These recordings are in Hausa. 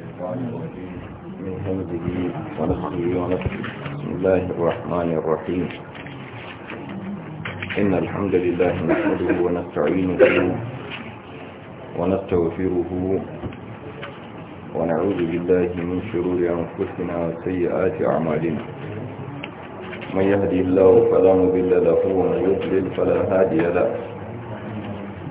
من همزه ونفخه ونفخه بسم الله الرحمن الرحيم إن الحمد لله نحمده ونستعينه ونستغفره ونعوذ بالله من شرور أنفسنا وسيئات أعمالنا من يهدي الله فلا مضل له ومن يضلل فلا هادي له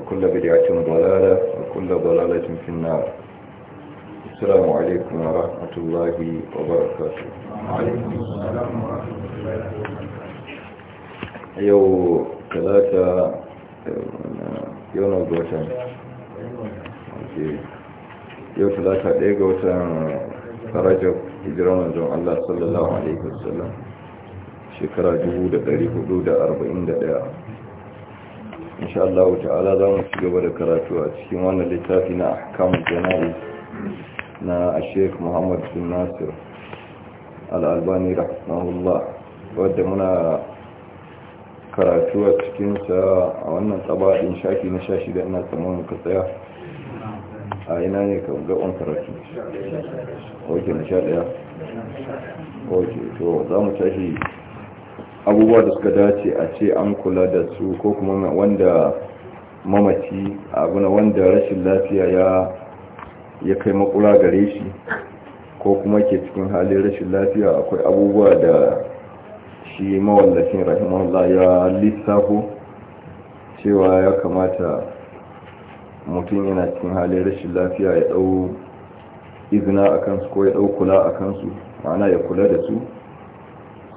وكل بدعة ضلالة وكل ضلالة في النار السلام عليكم ورحمة الله وبركاته وعليكم السلام ورحمة الله وبركاته يو ثلاثة يوم الغوتان يو ثلاثة الغوتان فرجب hijiran manzon Allah sallallahu alaihi wasallam shekara 1441 insha Allah ta'ala za mu ci gaba da karatu a cikin wannan littafi na ahkamul jana'iz na Sheikh Muhammad bin Nasir Al-Albani rahimahullah wanda muna karatu a cikin sa a wannan tabadin shafi na shashi da ina tsammanin ka tsaya a ina ne ka ga on karatu oke na sha daya oke to za mu tashi abubuwa da suka dace a ce an kula da su ko kuma wanda mamaci abuna wanda rashin lafiya ya ya kai makura gare shi ko kuma ke cikin halin rashin lafiya akwai abubuwa da shi mawallafin rahimahullah ya lissafo cewa ya kamata mutum yana cikin halin rashin lafiya ya dau izina a kansu ko ya dau kula a kansu ma'ana ya kula da su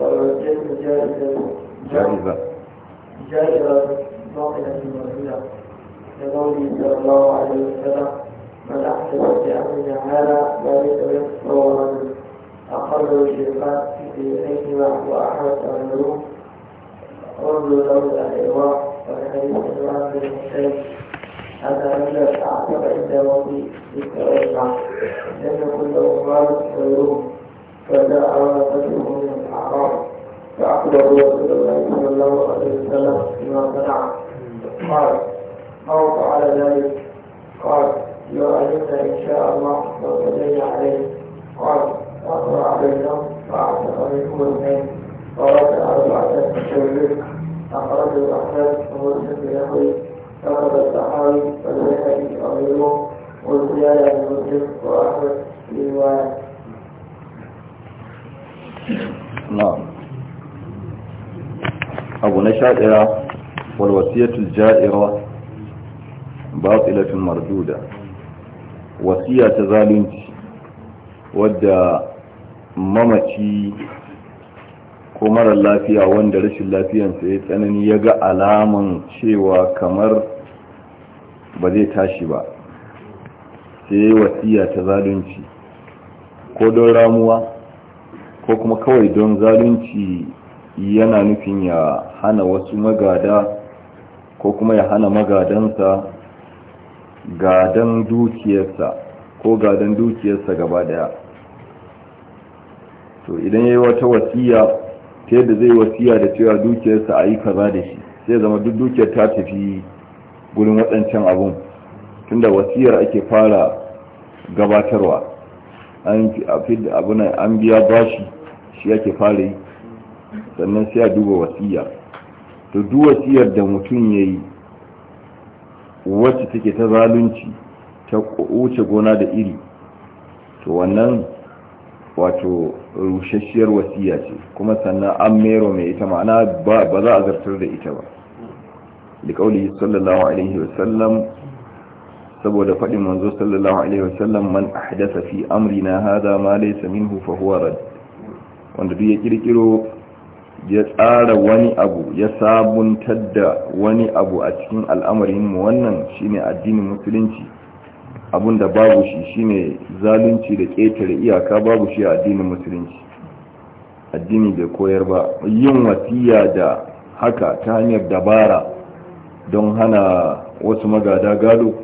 جائزة جائزة جائزة باطلة مرضية لقوله صلى الله عليه وسلم من أحسن في أمرنا هذا لا وليس من أقل الشيخان في صحيحهما وأحمد أمره انظر له الإرواح والحديث عن بن حسين أن لا أعتق عند موته ذكر الجمعة لأن كل له مال فجاء رجل من الاعراب فاخبره رسول الله صلى الله عليه وسلم بما صنع قال او فعل ذلك قال لو علمت ان شاء الله لصلينا عليه قال فاقرا بينهم فاعتق منهم اثنين ورد اربعه شرك اخرجه احمد ومسلم بنحوه فقد الصحابي والبيهقي وغيره والزياده المسلم واحمد في روايه abu na sha'ira walwasiyatul ja'ira batsilatun marduda wasiya ta zalunci wadda mamaci ko mara lafiya wanda rashin lafiyansa ya tsanani ya ga alaman cewa kamar ba zai tashi ba sai wasiya ta zalunci ko don ramuwa ko kuma kawai don zalunci yana nufin ya hana wasu magada ko kuma ya hana magadansa gadan dukiyarsa ko gadan dukiyarsa gaba daya to idan ya yi wata wasiya ta yadda zai wasiya da cewa dukiyarsa a yi kaza da shi sai zama duk dukiyar ta tafi gurin waɗancan abun tunda wasiyar ake fara gabatarwa an biya bashi shi yake fara yi sannan sai a duba wasiya to duk wasiyar da mutum ya yi wacce take ta zalunci ta wuce gona da iri to wannan wato rushasshiyar wasiya ce kuma sannan an mero mai ita ma'ana ba za a zartar da ita ba da kauli sallallahu alaihi wasallam saboda faɗin manzo sallallahu alaihi wasallam man ahdasa fi amrina hada ma laysa minhu fa huwa wanda duk ya kirkiro ya tsara wani abu ya sabuntar da wani abu a cikin al'amarinmu wannan shine addinin musulunci da babu shi shine zalunci da ƙetare iyaka babu shi a addinin musulunci addini bai koyar ba yin wasiya da haka ta hanyar dabara don hana wasu magada gado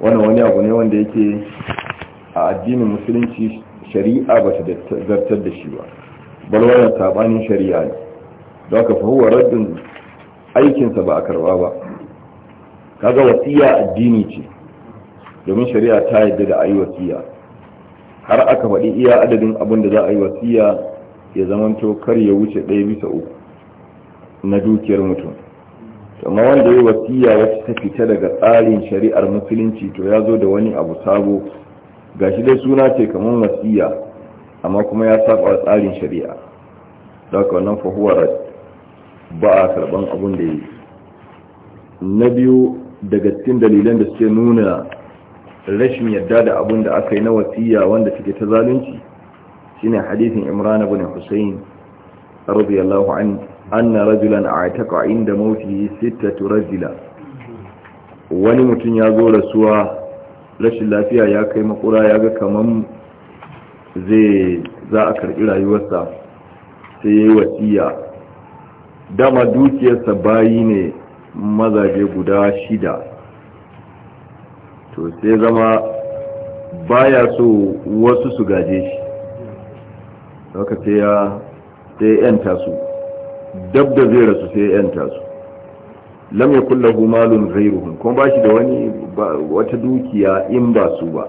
wannan wani abu ne wanda yake a addinin musulunci shari'a ba ta zartar da shi ba bal wannan sabanin shari'a ne don ka fahuwa raddin aikinsa ba a karba ba kaga wasiya addini ce domin shari'a ta yadda da ayi wasiya har aka faɗi iya adadin abin da za a yi wasiya ya zamanto kar ya wuce ɗaya bisa uku na dukiyar mutum amma wanda ya yi wasiya wacce ta fita daga tsarin shari'ar musulunci to ya zo da wani abu sabo gashi dai suna ce kamar wasiya amma kuma ya saba tsarin shari'a da wannan fahuwar ba a karban abin da yi na biyu daga cikin dalilan da suke nuna rashin yadda da abun da aka yi na wasiya wanda suke ta zalunci shine hadisin imran ibn husayn radiyallahu an anna rajulan a'taqa inda mautihi sittatu rajula wani mutum ya zo rasuwa rashin lafiya ya kai makura ya ga kaman zai za a karɓi rayuwarsa sai ya yi wasiya dama dukiyarsa bayi ne mazaje guda shida to sai zama baya so wasu su gaje shi haka sai ya yanta su dab da zai rasu sai yanta su lam ya lahu malun ghayruhum kuma bashi da wani wata dukiya in ba su ba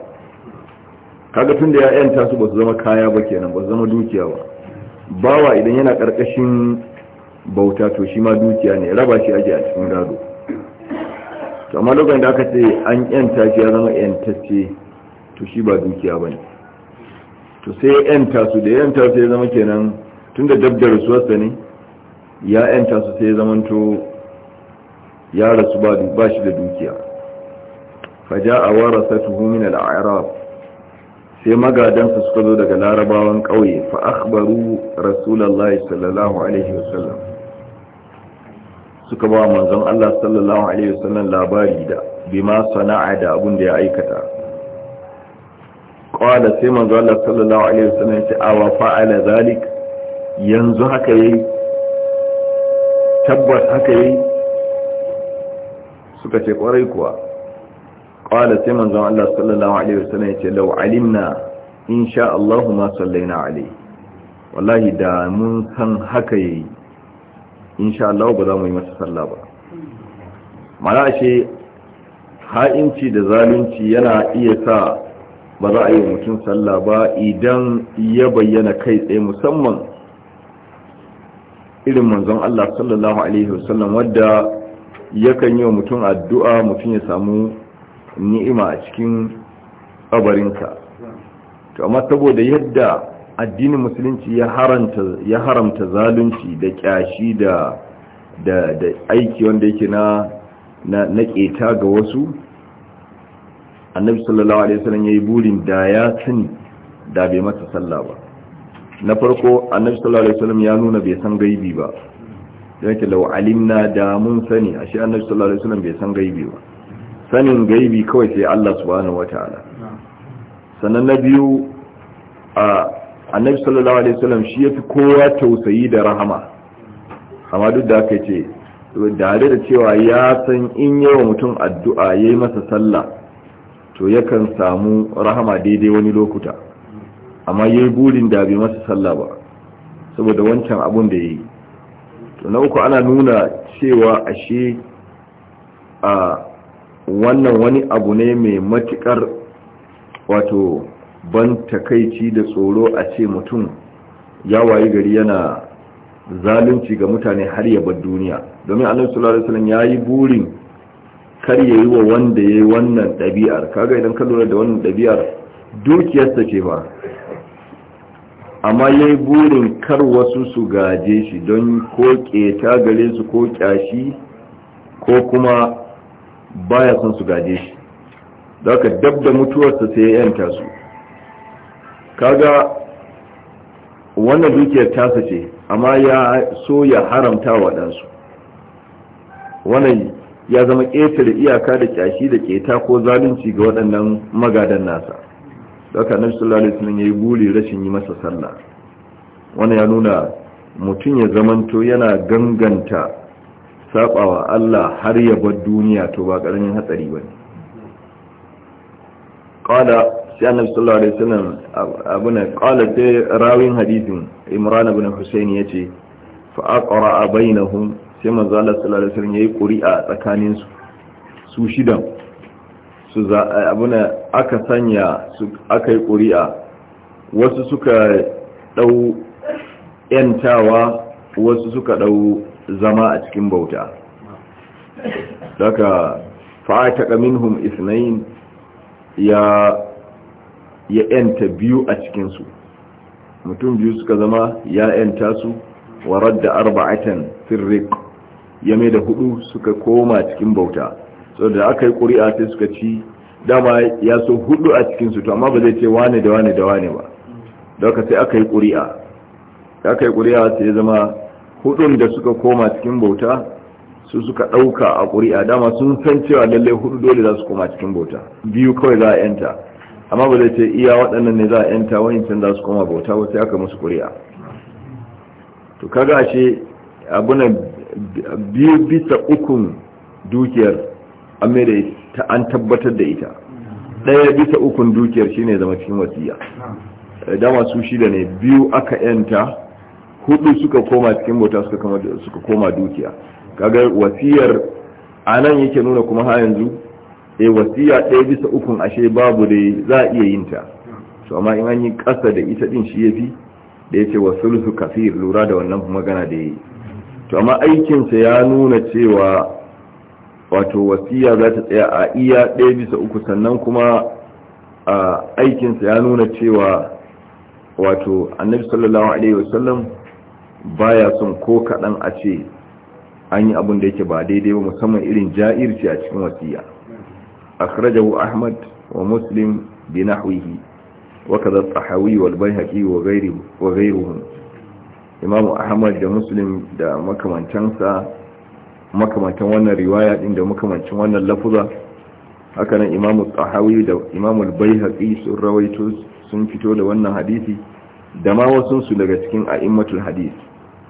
kaga tun da ya'yan tasu ba su zama kaya ba kenan ba su zama dukiya ba bawa idan yana karkashin bauta to shi ma dukiya ne raba shi ake a cikin gado to amma lokacin da aka ce an yanta shi ya zama yantacce to shi ba dukiya ba ne to sai yanta su da yanta su ya zama kenan tun da dabdar suwarsa ne ya yanta su sai ya zama to ya rasu ba shi da dukiya faja a warasa tuhumin al'arab sai magadansu suka zo daga larabawan ƙauye fa akhbaru rasulullahi sallallahu alaihi wasallam suka ba manzon Allah sallallahu alaihi wasallam labari da bima sana'a da abun da ya aikata qala sai manzon Allah sallallahu alaihi wasallam ya ce awa fa'ala zalik yanzu haka yayi tabbas haka yayi suka ce kwarai kuwa qala sai manzon Allah sallallahu alaihi wasallam ce law alimna insha Allah ma na alaihi wallahi da mun san haka yayi insha Allah ba za mu yi masa sallah ba mana ce ha'inci da zalunci yana iya sa ba za a yi mutum sallah ba idan ya bayyana kai tsaye musamman irin manzon Allah sallallahu alaihi wasallam wadda yakan yi wa mutum addu'a mutum ya samu ni'ima a cikin kabarinka to amma saboda yadda addinin musulunci ya haramta ya haramta zalunci da kyashi da da aiki wanda yake na na keta ga wasu annabi sallallahu alaihi wasallam yayi burin da ya sani da bai masa sallah ba na farko annabi sallallahu alaihi wasallam ya nuna bai san gaibi ba yake lau alimna da mun sani ashe annabi sallallahu alaihi wasallam bai san gaibi ba sanin gaibi kawai sai Allah subhanahu wataala sannan na biyu a annabi sallallahu alaihi wasallam shi yafi kowa tausayi da rahama amma duk da aka ce dare da cewa ya san in yawa mutum addu'a yayi masa sallah to yakan samu rahama daidai wani lokuta amma yayi burin da bai masa sallah ba saboda wancan abun da yayi to na uku ana nuna cewa ashe a wannan wani abu ne mai matukar wato ban takaici da tsoro a ce mutum ya wayi gari yana zalunci ga mutane har ya bar duniya domin annabi sallallahu alaihi wasallam yayi burin kar ya yi wa wanda yayi wannan dabi'ar kaga idan ka lura da wannan dabi'ar dukiyarsa ce ba amma yayi burin kar wasu su gaje shi don ko keta gare su ko kyashi ko kuma baya son su gaje shi da aka dab da mutuwarsa sai ya yanta su kaga wannan dukiyar tasa ce amma ya so ya haramta waɗansu wannan ya zama ƙetare iyaka da ƙyashi da ƙeta ko zalunci ga waɗannan magadan nasa daga nan sallallahu alaihi wasallam yayi buri rashin yi masa sallah wannan ya nuna mutum ya zamanto yana ganganta sabawa Allah har ya bar duniya to ba karamin hatsari bane qala sai annabi sallallahu alaihi wasallam abuna qala ta rawin hadithin imran ibn husayn yace fa aqra bainahum sai manzo Allah sallallahu alaihi wasallam yayi quri'a tsakanin su su shidan su za abuna aka sanya su aka yi quri'a wasu suka dau yantawa wasu suka dau zama a cikin bauta daga fa'ataka minhum isnain ya ya yanta biyu a cikin su mutum biyu suka zama ya yanta su wa radda arba'atan firriq ya mai da hudu suka koma cikin bauta saboda aka yi ƙuri'a sai suka ci dama ya so hudu a cikin su to amma ba zai ce wane da wane da wane ba daga sai aka yi ƙuri'a aka yi ƙuri'a sai ya zama hudun da suka koma cikin bauta su suka ɗauka a ƙuri'a dama sun san cewa lallai hudu dole za su koma cikin bauta biyu kawai za a yanta amma ba zai ce iya waɗannan ne za a yanta can za su koma bauta ba sai aka musu ƙuri'a to kaga ashe abuna biyu bisa ukun dukiyar an da an tabbatar da ita ɗaya bisa ukun dukiyar shine zama cikin wasiya dama su shida ne biyu aka yanta hudu suka koma cikin bauta suka koma dukiya kaga wasiyar anan yake nuna kuma ha yanzu e wasiya ɗaya bisa ukun ashe babu dai za a iya yin ta to amma in an yi ƙasa da ita din shi yafi da yace wasulusu kafir lura da wannan magana da yi to amma aikin sa ya nuna cewa wato wasiya za ta tsaya a iya ɗaya bisa uku sannan kuma a aikinsa ya nuna cewa wato annabi sallallahu alaihi wasallam baya son ko kaɗan a ce an yi abin da yake ba daidai ba musamman irin ja'irci a cikin wasiya akhrajahu ahmad wa muslim bi na huyi waka tahawi wal bayhaqi wa haƙi wa ghayruhum imamu ahmad da muslim da makamantansa makamantan wannan riwaya din da makamancin wannan lafuza haka nan imamu tsahawi da imam albai haƙi sun rawaito sun fito da wannan hadisi da ma wasu su daga cikin a'immatul hadisi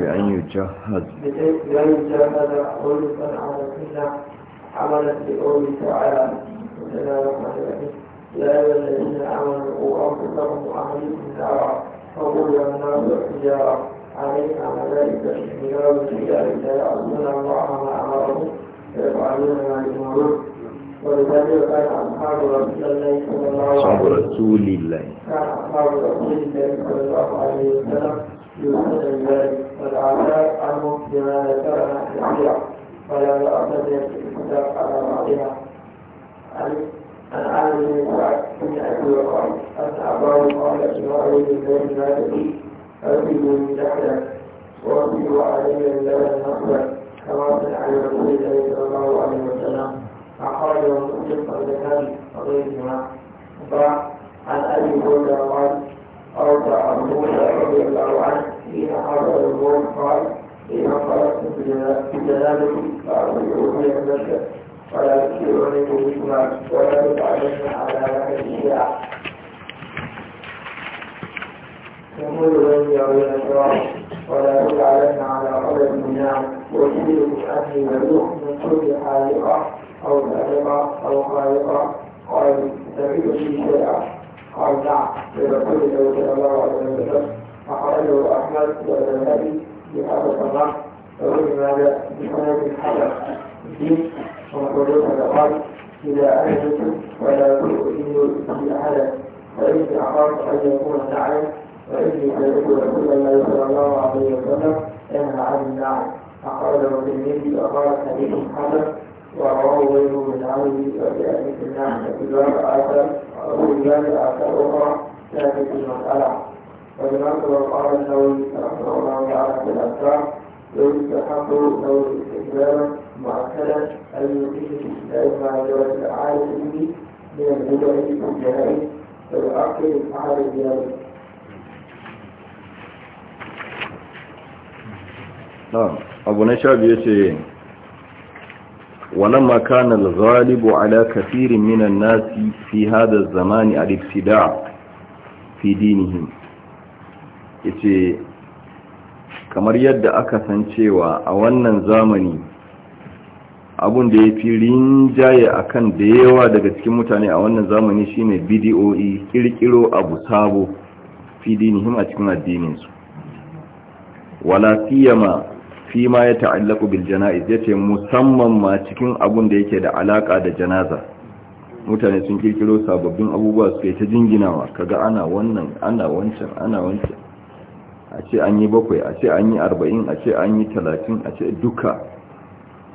بأن يجهز بأن يجهز ويسأل على السنة عملا بقوله تعالى السلام عليكم يا أيها الذين آمنوا أنفسكم وأهليكم نارا فقولوا الناس حجارة عليها ملائكة حجارة الحجارة لا يعصون الله ما أمرهم ويفعلون ما يؤمرون ولذلك كان أصحاب رسول الله صلى الله عليه وسلم رسول الله كان أصحاب رسول الله صلى الله عليه وسلم يوصون ذلك والآثار عنهم بما ذكرنا كثيرا ولا بأس بالاتصال على بعضها عن عامر بن سعد بن أبي وقاص أن أباه قال إبراهيم بن مالك أرسلوا من دحلا وأرسلوا علي اللبن نصرا كما صنع رسول الله صلى الله عليه وسلم أخرجه مسلم والذهبي وغيرهما عن أبي هريرة قال أرضى عن موسى رضي الله عنه حين حضر الغور قال حين خرجت بجنابتي فأرجعوني المشهد ولا تسيرني بجسمك ولا تتعلمن على لحد الشاع يقول لن يروي الأشرار ولا تجعلن على قدر المنام وسيرك أني مدوح من كل حالقة أو سابقة أو خالقة قال سمعت في شيئا أرجع لرسول الله صلى الله عليه وسلم أخرجه أحمد والذهبي بهذا الصنع وابن ماجه بسند حسن فيه ومخرجه قال إذا أهلكم ولا تؤذنوا أحد فإني أخاف أن يكون نعيم وإني سيدخل رسول الله صلى الله عليه وسلم ينهى عن النعيم له الترمذي وقال حديث حسن ورواه غيره من عمله وبأبي النعم في باب آخر وفي باب آخر أخرى كانت في المسألة النووي رحمه الله تعالى في الأذكار ويستحق له الاستكبار مؤكدا أن يقيم الإسلام مع جواز العالم به من البدع والجهل ويؤكد أحد الجهل نعم أبو na sha ولما كان الغالب على كثير من الناس في هذا الزمان الابتداع في دينهم ce, kamar yadda aka san cewa a wannan zamani abun da ya fi rinjaye akan da yawa daga cikin mutane a wannan zamani shine bidiyo'i kirkiro abu sabo fi dinihim a cikin addininsu wala ma. fi ma ya ta'allaku bil jana'iz yace musamman ma cikin abun da yake da alaka da janaza mutane sun kirkiro sababbin abubuwa su ta jinginawa kaga ana wannan ana wancan ana wancan a ce an yi bakwai a ce an yi arba'in a ce an yi talatin a ce duka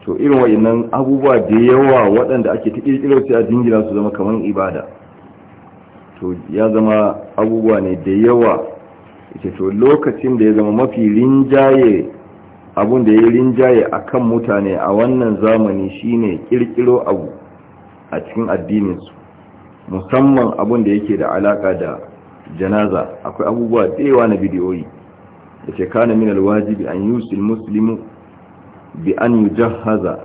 to irin wa'innan abubuwa da yawa waɗanda ake ta kirkiro su a jingina su zama kamar ibada to ya zama abubuwa ne da yawa ita to lokacin da ya zama mafi rinjaye abun da ya rinjaye a kan mutane a wannan zamani shine kirkiro abu a cikin addininsu musamman abun da yake da alaka da janaza akwai abubuwa tsewa na bidiyoyi da ce kana min alwajibi an yusil muslimu bi an yujahhaza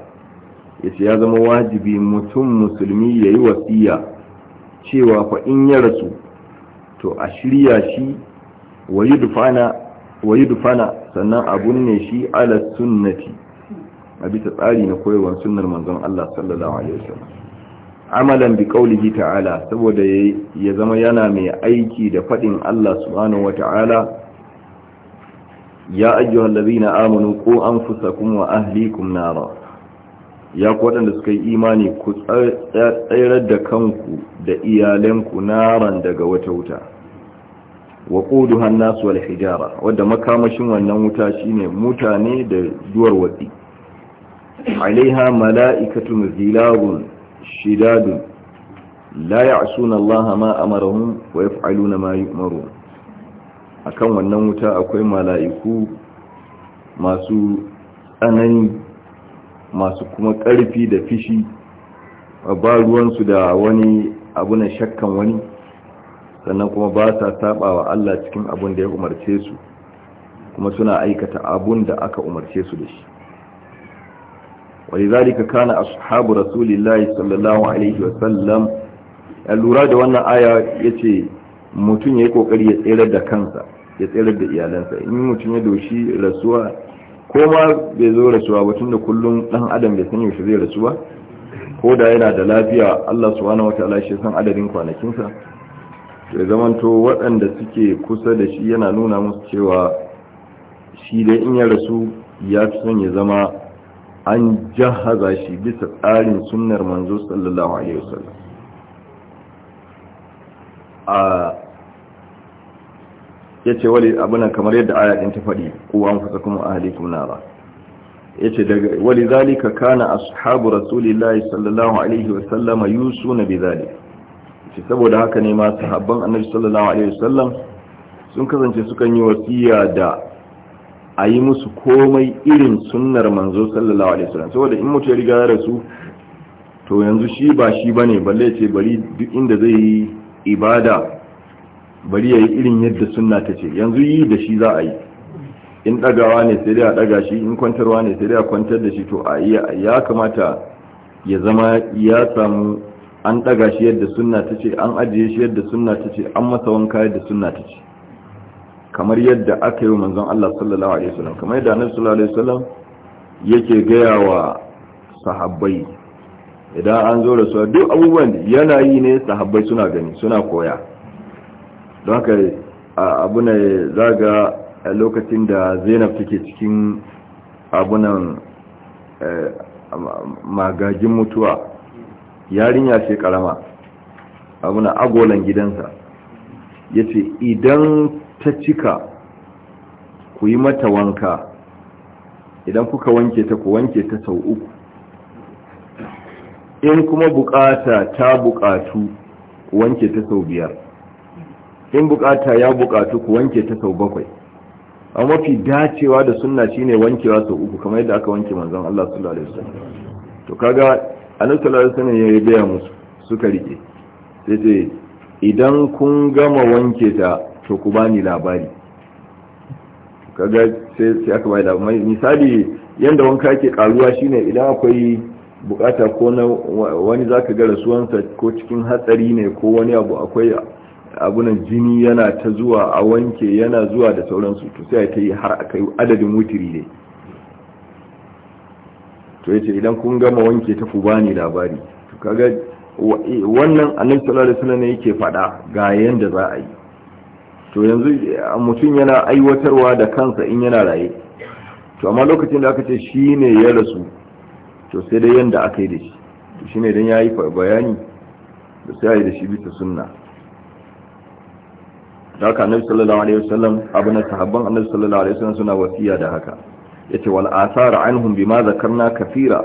yace ya zama wajibi mutum musulmi yayi wasiya cewa fa in ya rasu to a shirya shi wa dufana. wa fana sannan abun ne shi ala sunnati a bisa tsari na koyarwar sunnar manzon Allah sallallahu alaihi wasallam amalan bi qaulihi ta'ala saboda ya zama yana mai aiki da fadin Allah subhanahu wata'ala ya ayyuhallazina amanu qu anfusakum wa ahlikum nara ya ku waɗanda suka yi imani ku tsayar da kanku da iyalanku naran daga wata wuta wa ƙudu hannasu wal hijara wadda makamashin wannan wuta shine mutane da duwar watsi alaiha mala'ikatun zilarun shidadun la ya'suna Allah ma amarahum wa yaf'aluna ma akan wannan wuta akwai mala'iku masu tsanani masu kuma ƙarfi da fishi ba ruwansu da wani abu na shakkan wani sannan kuma ba sa saba wa Allah cikin abun da ya umarce su kuma suna aikata abun da aka umarce su da shi ولذلك kana ashabu rasulillahi sallallahu alaihi wa sallam lura da wannan aya yace ce mutum ya kokari ya tserar da kansa ya tsere da iyalansa in mutum ya doshi rasuwa ko ma bai zo rasuwa ba tunda kullum dan adam bai san yaushe zai rasuwa ko da yana da lafiya Allah subhanahu wataala shi san adadin kwanakinsa ya zamanto waɗanda suke kusa da shi yana nuna musu cewa shi dai in ya rasu ya fi son ya zama an jahaza shi bisa tsarin sunnar manzo sallallahu alaihi wasallam a ce wali abuna kamar yadda aya ɗin ta faɗi kuma a ahlikum nara ce daga wali zalika kana ashabu rasulillahi sallallahu alaihi yusu na bi zalika ce saboda haka ne ma sahabban annabi sallallahu alaihi wasallam sun kasance sukan yi wasiya da a yi musu komai irin sunnar manzo sallallahu alaihi wasallam saboda in mutu ya riga ya rasu to yanzu shi ba shi bane balle ce bari duk inda zai yi ibada bari ya yi irin yadda sunna ta ce yanzu yi da shi za a yi in dagawa ne sai dai a daga shi in kwantarwa ne sai dai a kwantar da shi to a ya kamata ya zama ya samu an daga shi yadda sunna ta ce an ajiye shi yadda sunna ta ce an masa wanka yadda sunna ta ce kamar yadda aka yi wa manzon Allah sallallahu alaihi wasallam kamar yadda annabi sallallahu alaihi wasallam yake gaya wa sahabbai idan an zo da su duk abubuwan yana yi ne sahabbai suna gani suna koya don haka abu ne zaga lokacin da Zainab take cikin abunan eh, magajin mutuwa yarinya ce karama abuna agolan gidansa ya ce idan ta cika ku yi mata wanka idan kuka wanke ta ku wanke ta sau uku in kuma bukata ta bukatu ku wanke ta sau biyar in bukata ya bukatu ku wanke ta sau bakwai a mafi dacewa da sunna shine wankewa sau uku kamar yadda aka wanke manzan Allah su lalata to kaga annabi sallallahu alaihi ya yi gaya musu suka rike sai ce idan kun gama wanke ta to ku bani labari kaga sai sai aka bai labari misali yanda wanka ke karuwa shine idan akwai bukata ko na wani zaka ga rasuwansa ko cikin hatsari ne ko wani abu akwai abunan jini yana ta zuwa a wanke yana zuwa da sauransu to sai ta yi har akai adadin mutiri ne to yace idan kun gama wanke ta ku bani labari to kaga e, wannan annabi sallallahu alaihi wasallam yake fada ga yanda za a yi to yanzu mutum yana aiwatarwa da kansa in yana raye to amma lokacin da aka ce shine ya rasu to sai dai yanda aka yi da shi to shine dan yayi bayani da sai yi da shi bisa sunna da haka annabi sallallahu alaihi wasallam abuna sahabban annabi sallallahu alaihi wasallam suna wasiya da haka yace wal asar anhum bima zakarna kafira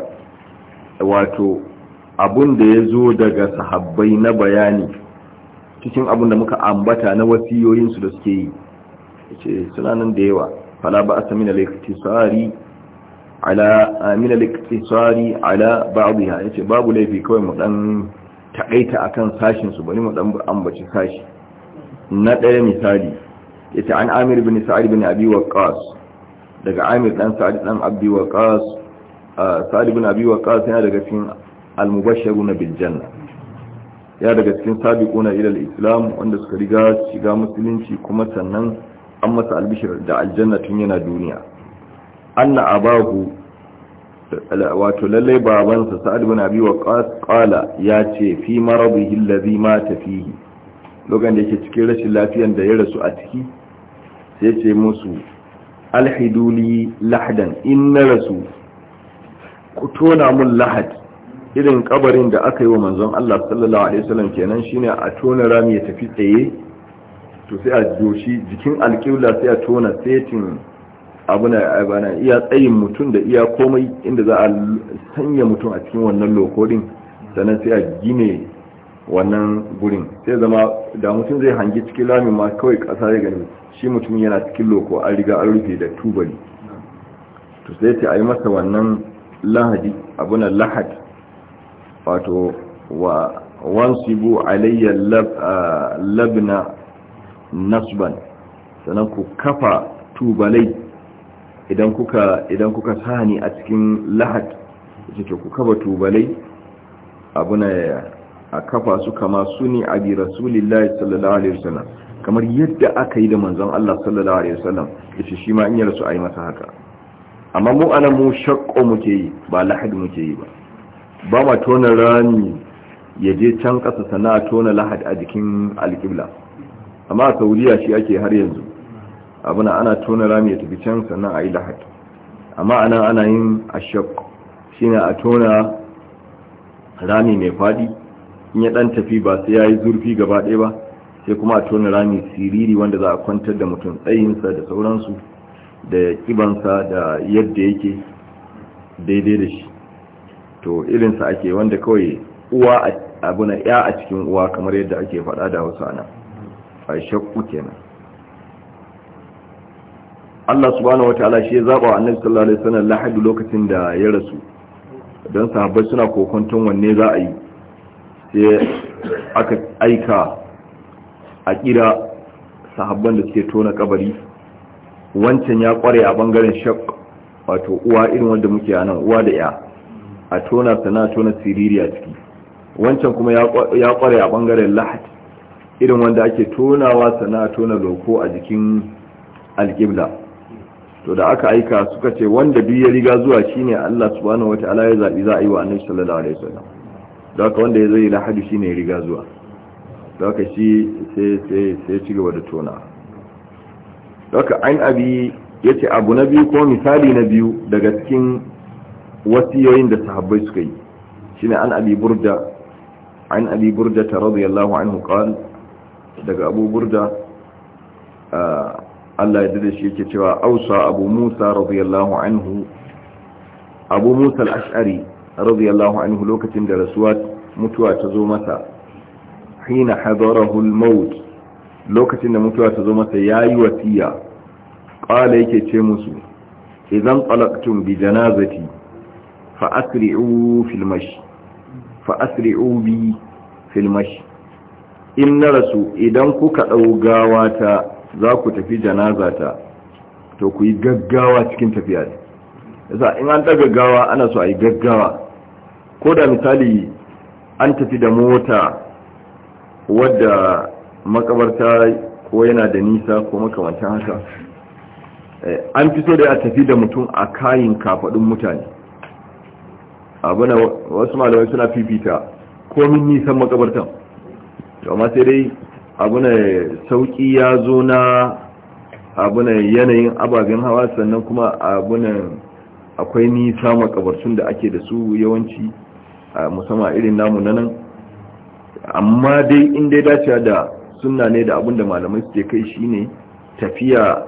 wato abun da ya zo daga sahabbai na bayani cikin abun da muka ambata na wasiyoyin da suke yi yace suna nan da yawa fala ba asmina al-iktisari ala amina al-iktisari yace babu laifi kawai mu dan takaita akan sashin su bari mu dan ambaci sashi na daya misali yace an amir bin sa'id bin abi waqqas daga amir dan sa'ad dan abdi waqas sa'ad ibn abi waqas yana daga cikin al-mubashshiruna bil janna ya daga cikin sabiquna ila al-islam wanda suka riga shiga musulunci kuma sannan an masa albishir da aljanna tun yana duniya anna abahu wato lallai babansa sa'ad bin abi waqas qala ya ce fi maradihi allazi mata fihi lokacin da yake cikin rashin lafiyar da ya rasu a ciki sai ce musu alhiduli lahdan in na rasu ku tona mun lahad irin kabarin da aka yi wa manzon Allah sallallahu alaihi wasallam kenan shine a tona rami ya tafi tsaye to sai a doshi jikin alƙibla sai a tona setin abu na iya tsayin mutum da iya komai inda za a sanya mutum a cikin wannan lokodin sannan sai a gine wannan gurin sai zama da mutum zai hangi cikin lamin ma kawai kasa ya gani shi mutum yana cikin loko an riga an rufe da tubali to sai ta yi masa wannan lahadi abunan lahad wato wa bu alayya labna nasban sannan ku kafa tubalai idan kuka idan kuka sani a cikin lahad ku kafa tubalai abuna a kafa su kama suni a bi rasulillahi sallallahu alaihi wasallam kamar yadda aka yi da manzon Allah sallallahu alaihi wasallam yace shi ma in ya ayi masa haka amma mu anan mu shakko muke yi ba lahad muke yi ba ba ma tona rami ya je can kasa sana tona lahad a jikin alqibla amma a saudiya shi ake har yanzu abuna ana tona rami ya tafi can sannan ayi lahad amma anan ana yin ashak shine a tona rami mai fadi in ya dan tafi ba sai ya yi zurfi gaba ɗaya ba sai kuma a tona rami siriri wanda za a kwantar da mutum tsayinsa da sauransu da kibansa da yadda yake daidai da shi to irinsa ake wanda kawai uwa abu na ya a cikin uwa kamar yadda ake faɗa da wasu ana a shakku kenan Allah subhanahu wataala shi ya zaba wa Annabi sallallahu alaihi wasallam lahadu lokacin da ya rasu don sahabbai suna kokonton wanne za a yi sai aka aika a kira sahabban da suke tona kabari wancan ya kware a bangaren shak wato uwa irin wanda muke a nan uwa da ya a tona sana tona siriri a ciki wancan kuma ya kware a bangaren lahat irin wanda ake tonawa sana tona loko a jikin alkibla to da aka aika suka ce wanda duk ya riga zuwa shine Allah subhanahu wataala ya zabi za a yi wa annabi sallallahu alaihi wasallam da wanda ya zai lahadi shi ne riga zuwa da shi sai ci gaba da tona da haka an abi ya ce abu na biyu ko misali na biyu daga cikin wasiyoyin da sahabbai suka yi shi ne an abi burda an abi burda ta radiyallahu anhu qal daga abu burda Allah ya dade shi yake cewa ausa abu musa radiyallahu anhu abu musa al-ash'ari radiyallahu anhu lokacin da rasuwa mutuwa ta zo masa hina hadarahu al-maut lokacin da mutuwa ta zo masa yayi wasiya qala yake ce musu idan qalaqtum bi janazati fa asri'u fil mash fa asri'u bi fil mash in na rasu idan kuka dau gawata za ku tafi janazata to ku yi gaggawa cikin tafiya za in an daga gawa ana so a yi gaggawa ko da misali an tafi da mota wadda makabarta ko yana da nisa ko makamantan haka eh, an fito da a tafi da mutum a kayin kafaɗin mutane abuna wasu malamai suna fifita komin nisan makabartan amma sai dai abuna sauki ya zo na abuna yanayin ababen hawa sannan kuma abuna akwai nisa makabartun da ake da su yawanci musamman irin namu na nan amma dai in dai dacewa da sunna ne da abinda malamai suke kai shine tafiya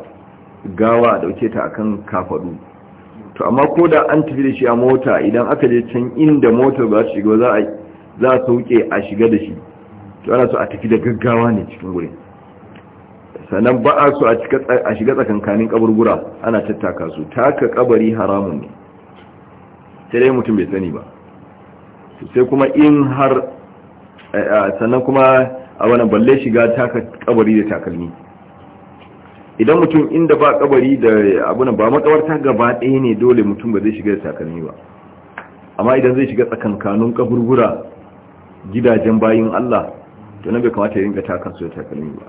gawa a dauke ta akan kafadu to amma ko da an tafi da shi a mota idan aka je can inda mota ba shiga za a za a sauke a shiga da shi to ana so a tafi da gaggawa ne cikin wurin sannan ba a so a shiga tsakankanin kaburbura ana tattaka su taka kabari haramun ne sai dai mutum bai sani ba sai kuma in har eh, eh, sannan kuma a wani balle shiga taka kabari da takalmi idan mutum inda ba kabari da abunan ba makawarta gaba ɗaya ne dole mutum ba zai shiga da takalmi ba amma idan zai shiga tsakankanin kaburbura gidajen bayin Allah to nan bai kamata yin ga taka su da takalmi ba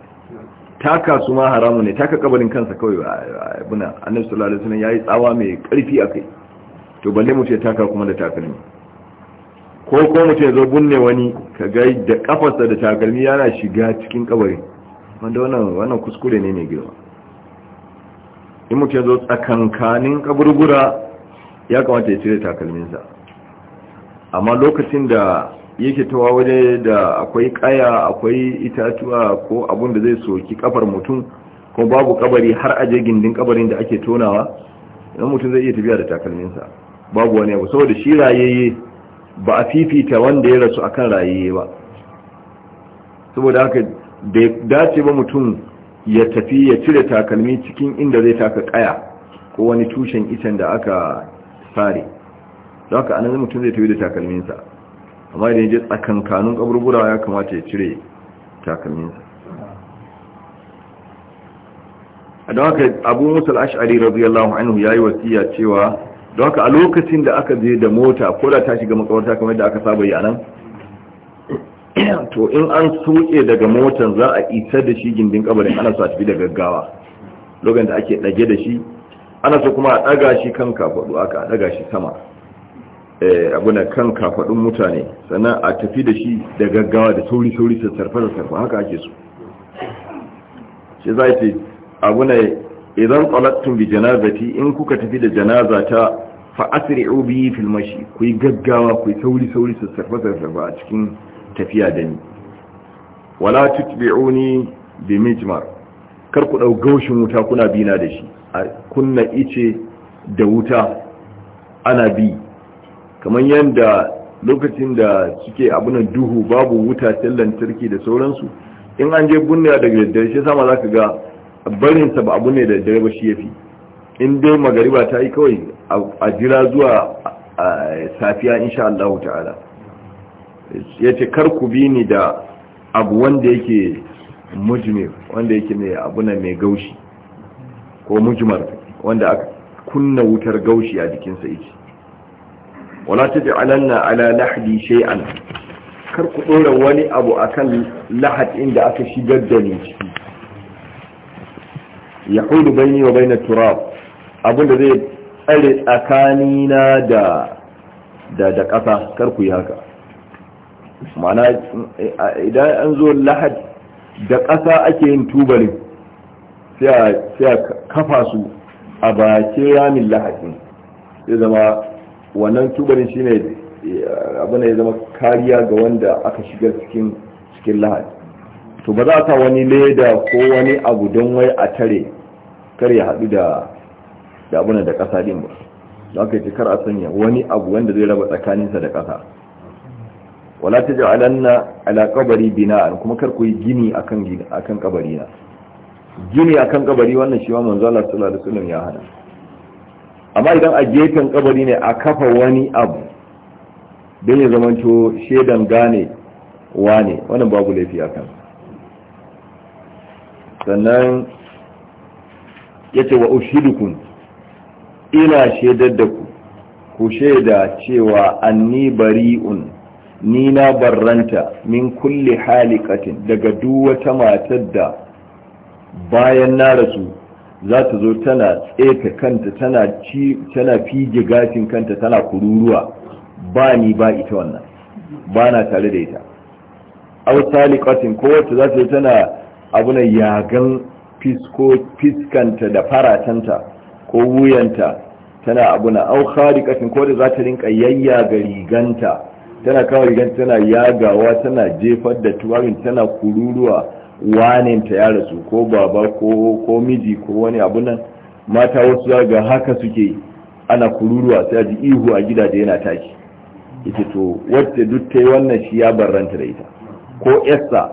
taka su ma haramu ne taka kabarin kansa kawai abunan annabi sallallahu alaihi wasallam yayi tsawa mai karfi akai to balle mutum ya taka kuma da takalmi ko ko mutum ya zo binne wani ka ga da kafarsa da takalmi yana shiga cikin kabari wanda wannan kuskure ne mai girma in mutum ya zo tsakankanin kaburbura ya kamata ya cire takalminsa amma lokacin da yake tawa waje da akwai kaya akwai itatuwa ko abun da zai soki kafar mutum ko babu kabari har aje gindin kabarin da ake tonawa idan mutum zai iya tafiya da takalminsa babu wani abu saboda shi rayayye ba a fifita wanda ya rasu akan rayuwa ba saboda haka da dace ba mutum ya tafi ya cire takalmi cikin inda zai taka kaya ko wani tushen itan da aka sare don haka anan mutum zai tafi da takalminsa amma idan ya je tsakankanin kaburbura ya kamata ya cire takalminsa a don haka abu musul ash'ari radiyallahu anhu yayi wasiya cewa don haka a lokacin da aka je da mota ko da ta shiga makawarta kamar da aka saba yi a nan to in an suke daga motan za a isa da shi gindin kabarin ana su a tafi da gaggawa lokacin da ake ɗage da shi ana su kuma a ɗaga shi kan kafaɗu aka ɗaga shi sama eh, abuna kan kafaɗun mutane sannan a tafi da shi da gaggawa da sauri sauri da sarfa da sarfa haka ake so shi za a ce abuna idan tsalattun bi janazati in kuka tafi da janaza ta fa asri'u bi fil mashi ku gaggawa ku sauri sauri su sarfa a cikin tafiya da ni wala tutbi'uni bi mijmar kar ku dau gaushin wuta kuna bina da shi kunna ice da wuta ana bi kamar yadda lokacin da suke abunan duhu babu wuta lantarki da sauransu in an je bunniya daga daddare shi sama za ka ga barinsa ba abu ne da dare ba shi ya fi in dai magariba ta yi kawai a jira zuwa safiya insha Allah ta'ala ya ce ku bi ni da abu wanda yake mujmir wanda yake mai abuna mai gaushi ko mujmar wanda aka kunna wutar gaushi a jikinsa yake wala ta alanna ala lahdi shay'an kar ku dora wani abu akan lahad inda aka shigar da ni ciki yahudu baini wa baina turab abinda zai tsare tsakanina da da da ƙasa kar ku yi haka mana idan an zo lahad da ƙasa ake yin tubalin sai a kafa su a bakin ramin lahadin sai zama wannan tubalin shine abin ya zama kariya ga wanda aka shigar cikin cikin lahad to ba za a sa wani leda ko wani abu don wai a tare kar ya haɗu da da abunan da kasa din ba da aka yi kar a sanya wani abu wanda zai raba tsakaninsa da kasa wala ta ala kabari bina'an kuma kar ku yi gini akan gini akan kabari na gini akan kabari wannan shi ma manzo Allah sallallahu alaihi wasallam ya hana amma idan a gefen kabari ne a kafa wani abu don ya zamanto shedan gane wane wannan babu laifi akan sannan yace wa ushidukum ina shaidar da ku ku shaida cewa anni bari'un ni na barranta min kulli halikatin daga duk wata matar da bayan na rasu za ta zo tana tsefe kanta tana ci fige gashin kanta tana kururuwa ba ni ba ita wannan ba na tare da ita aw salikatin ko wacce za ta tana abuna yagan fisko fiskanta da faratanta ko wuyanta tana abu na auka khariqatin ko da za ta rinka ga riganta tana kawo riganta tana yagawa tana jefar da tuwarin tana kururuwa ta ya rasu ko baba ko miji ko wani abu nan mata wasu ga haka suke ana kururuwa sai ji ihu a gidaje yana tashi ita to wacce duk ta yi wannan shi ya barranta da ita ko yarsa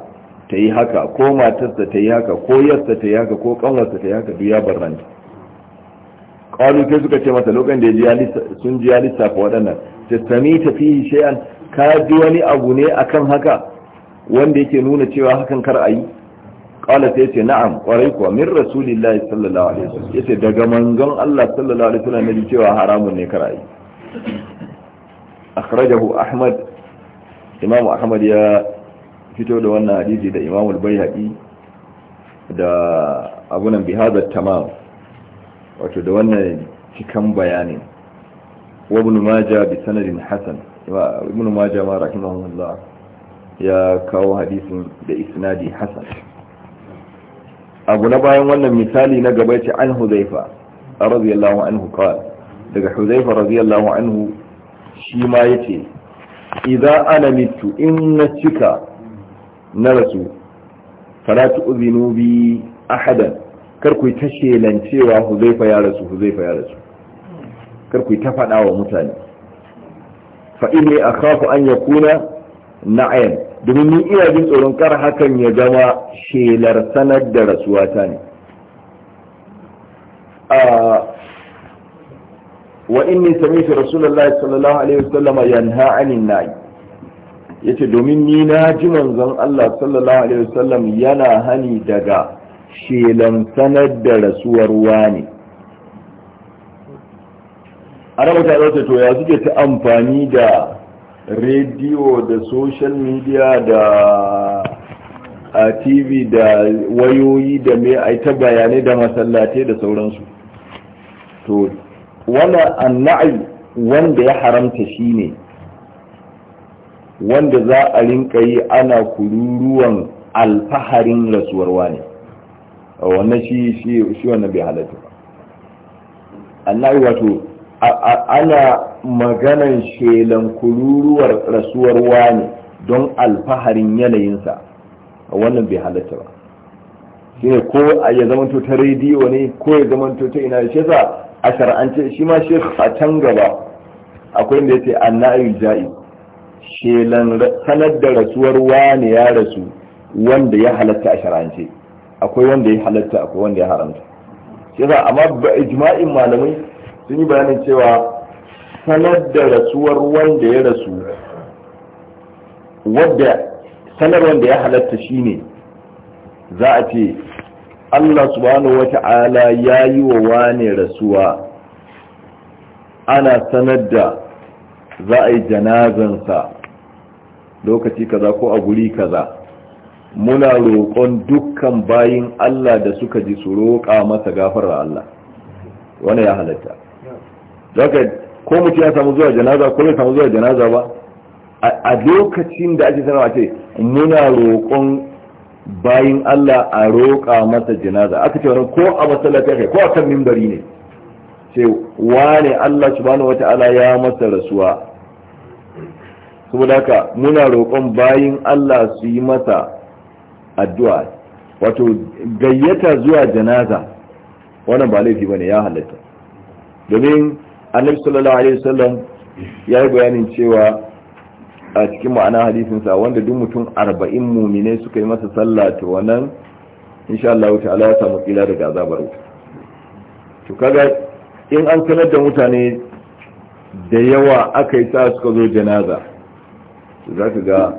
ta yi haka ko matarsa ta yi haka ko yarsa ta yi haka ko kanwarsa ta yi haka duk ya barranta kwanu ke suka ce mata lokacin da ya sun ji ya lissafa waɗannan ta sami ta fihi shay'an ka ji wani abu ne akan haka wanda yake nuna cewa hakan kar a yi ƙwala sai yace na'am ƙwarai kuwa min rasulillahi sallallahu alaihi wasallam yace daga mangan Allah sallallahu alaihi wasallam ne cewa haramun ne kar a yi akhrajahu ahmad imam ahmad ya fito da wannan hadisi da imam al-baihaqi da abunan bihadha tamam wato da wannan cikan bayanin wa ibn bi sanadin hasan ibn majah ma rahimahullah ya kawo hadisin da isnadi hasan abu na bayan wannan misali na gaba ce an huzaifa radiyallahu anhu qala daga huzaifa radiyallahu anhu shi ma yace iza ana mitu in na cika na rasu fala tu'zinu bi ahadan kar ku ta cewa huzaifa ya rasu huzaifa ya rasu kar ku ta faɗa wa mutane ne a akhafu an ya yakuna na'yan domin ni iya jin tsoron kar hakan ya zama shelar sanar da rasuwa ta ne wa inni sami'tu Rasulallah sallallahu alaihi wasallam yanha 'anil na'i ce domin ni na ji manzon Allah sallallahu alaihi wasallam yana hani daga shelan sanar da rasuwar wani araba ta to ya suke ta amfani da rediyo da social media da a tv da wayoyi da mai aita bayanai da masallatai da sauransu to wala anna'i wanda ya haramta shine wanda za a rinka yi ana kururuwan alfaharin rasuwar wani wannan shi shi shi wannan bai halatta ba annabi wato ana maganan shelan kururuwar rasuwar wani don alfaharin yanayinsa wannan bai halatta ba shi ne ko ya zamanto ta rediyo ne ko ya zamanto ta ina shi sa a shar'ance shi ma shi a can gaba akwai inda yace annabi ja'i shelan sanar da rasuwar wani ya rasu wanda ya halatta a shar'ance akwai wanda ya halatta akwai wanda ya haramta shi yasa amma ijma'in malamai sun yi bayanin cewa sanar da rasuwar wanda ya rasu wadda sanar wanda ya halatta shine za a ce Allah subhanahu wata'ala ya yi wa wane rasuwa ana sanar da za a yi janazansa lokaci kaza ko a guri kaza muna roƙon dukkan bayin Allah da suka ji su roƙa masa gafar Allah wani ya halatta daga ko mutum ya samu zuwa janaza ko ya samu zuwa janaza ba a lokacin da ake sanarwa ce muna roƙon bayin Allah a roƙa masa janaza aka ce wani ko a masallaci kai ko a kan mimbari ne ce wane Allah wata ala ya masa rasuwa saboda haka muna roƙon bayin Allah su yi masa addu'a wato gayyata zuwa janaza wannan ba laifi ba ne ya halatta domin annabi sallallahu alaihi wasallam ya yi bayanin cewa a cikin ma'ana hadisinsa wanda duk mutum arba'in mumine suka yi masa sallah to wannan insha Allah ta'ala ya samu kila daga azabar wuta to kaga in an sanar da mutane da yawa aka yi sa suka zo janaza za ga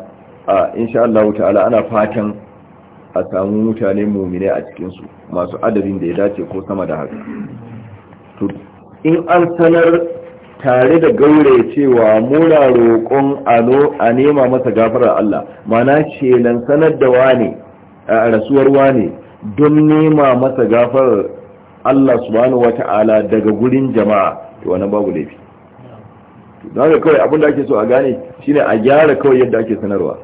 a insha Allah ta'ala ana fatan a samu mutane muminai a cikinsu masu adabin da ya dace ko sama da haka in an sanar tare da gaure cewa muna roƙon a nema masa gafarar Allah mana shelan sanar da wane a rasuwar wane don nema masa gafarar Allah subhanahu wata'ala daga gurin jama'a to wannan babu laifi don kawai abin da ake so a gane shine a gyara kawai yadda ake sanarwa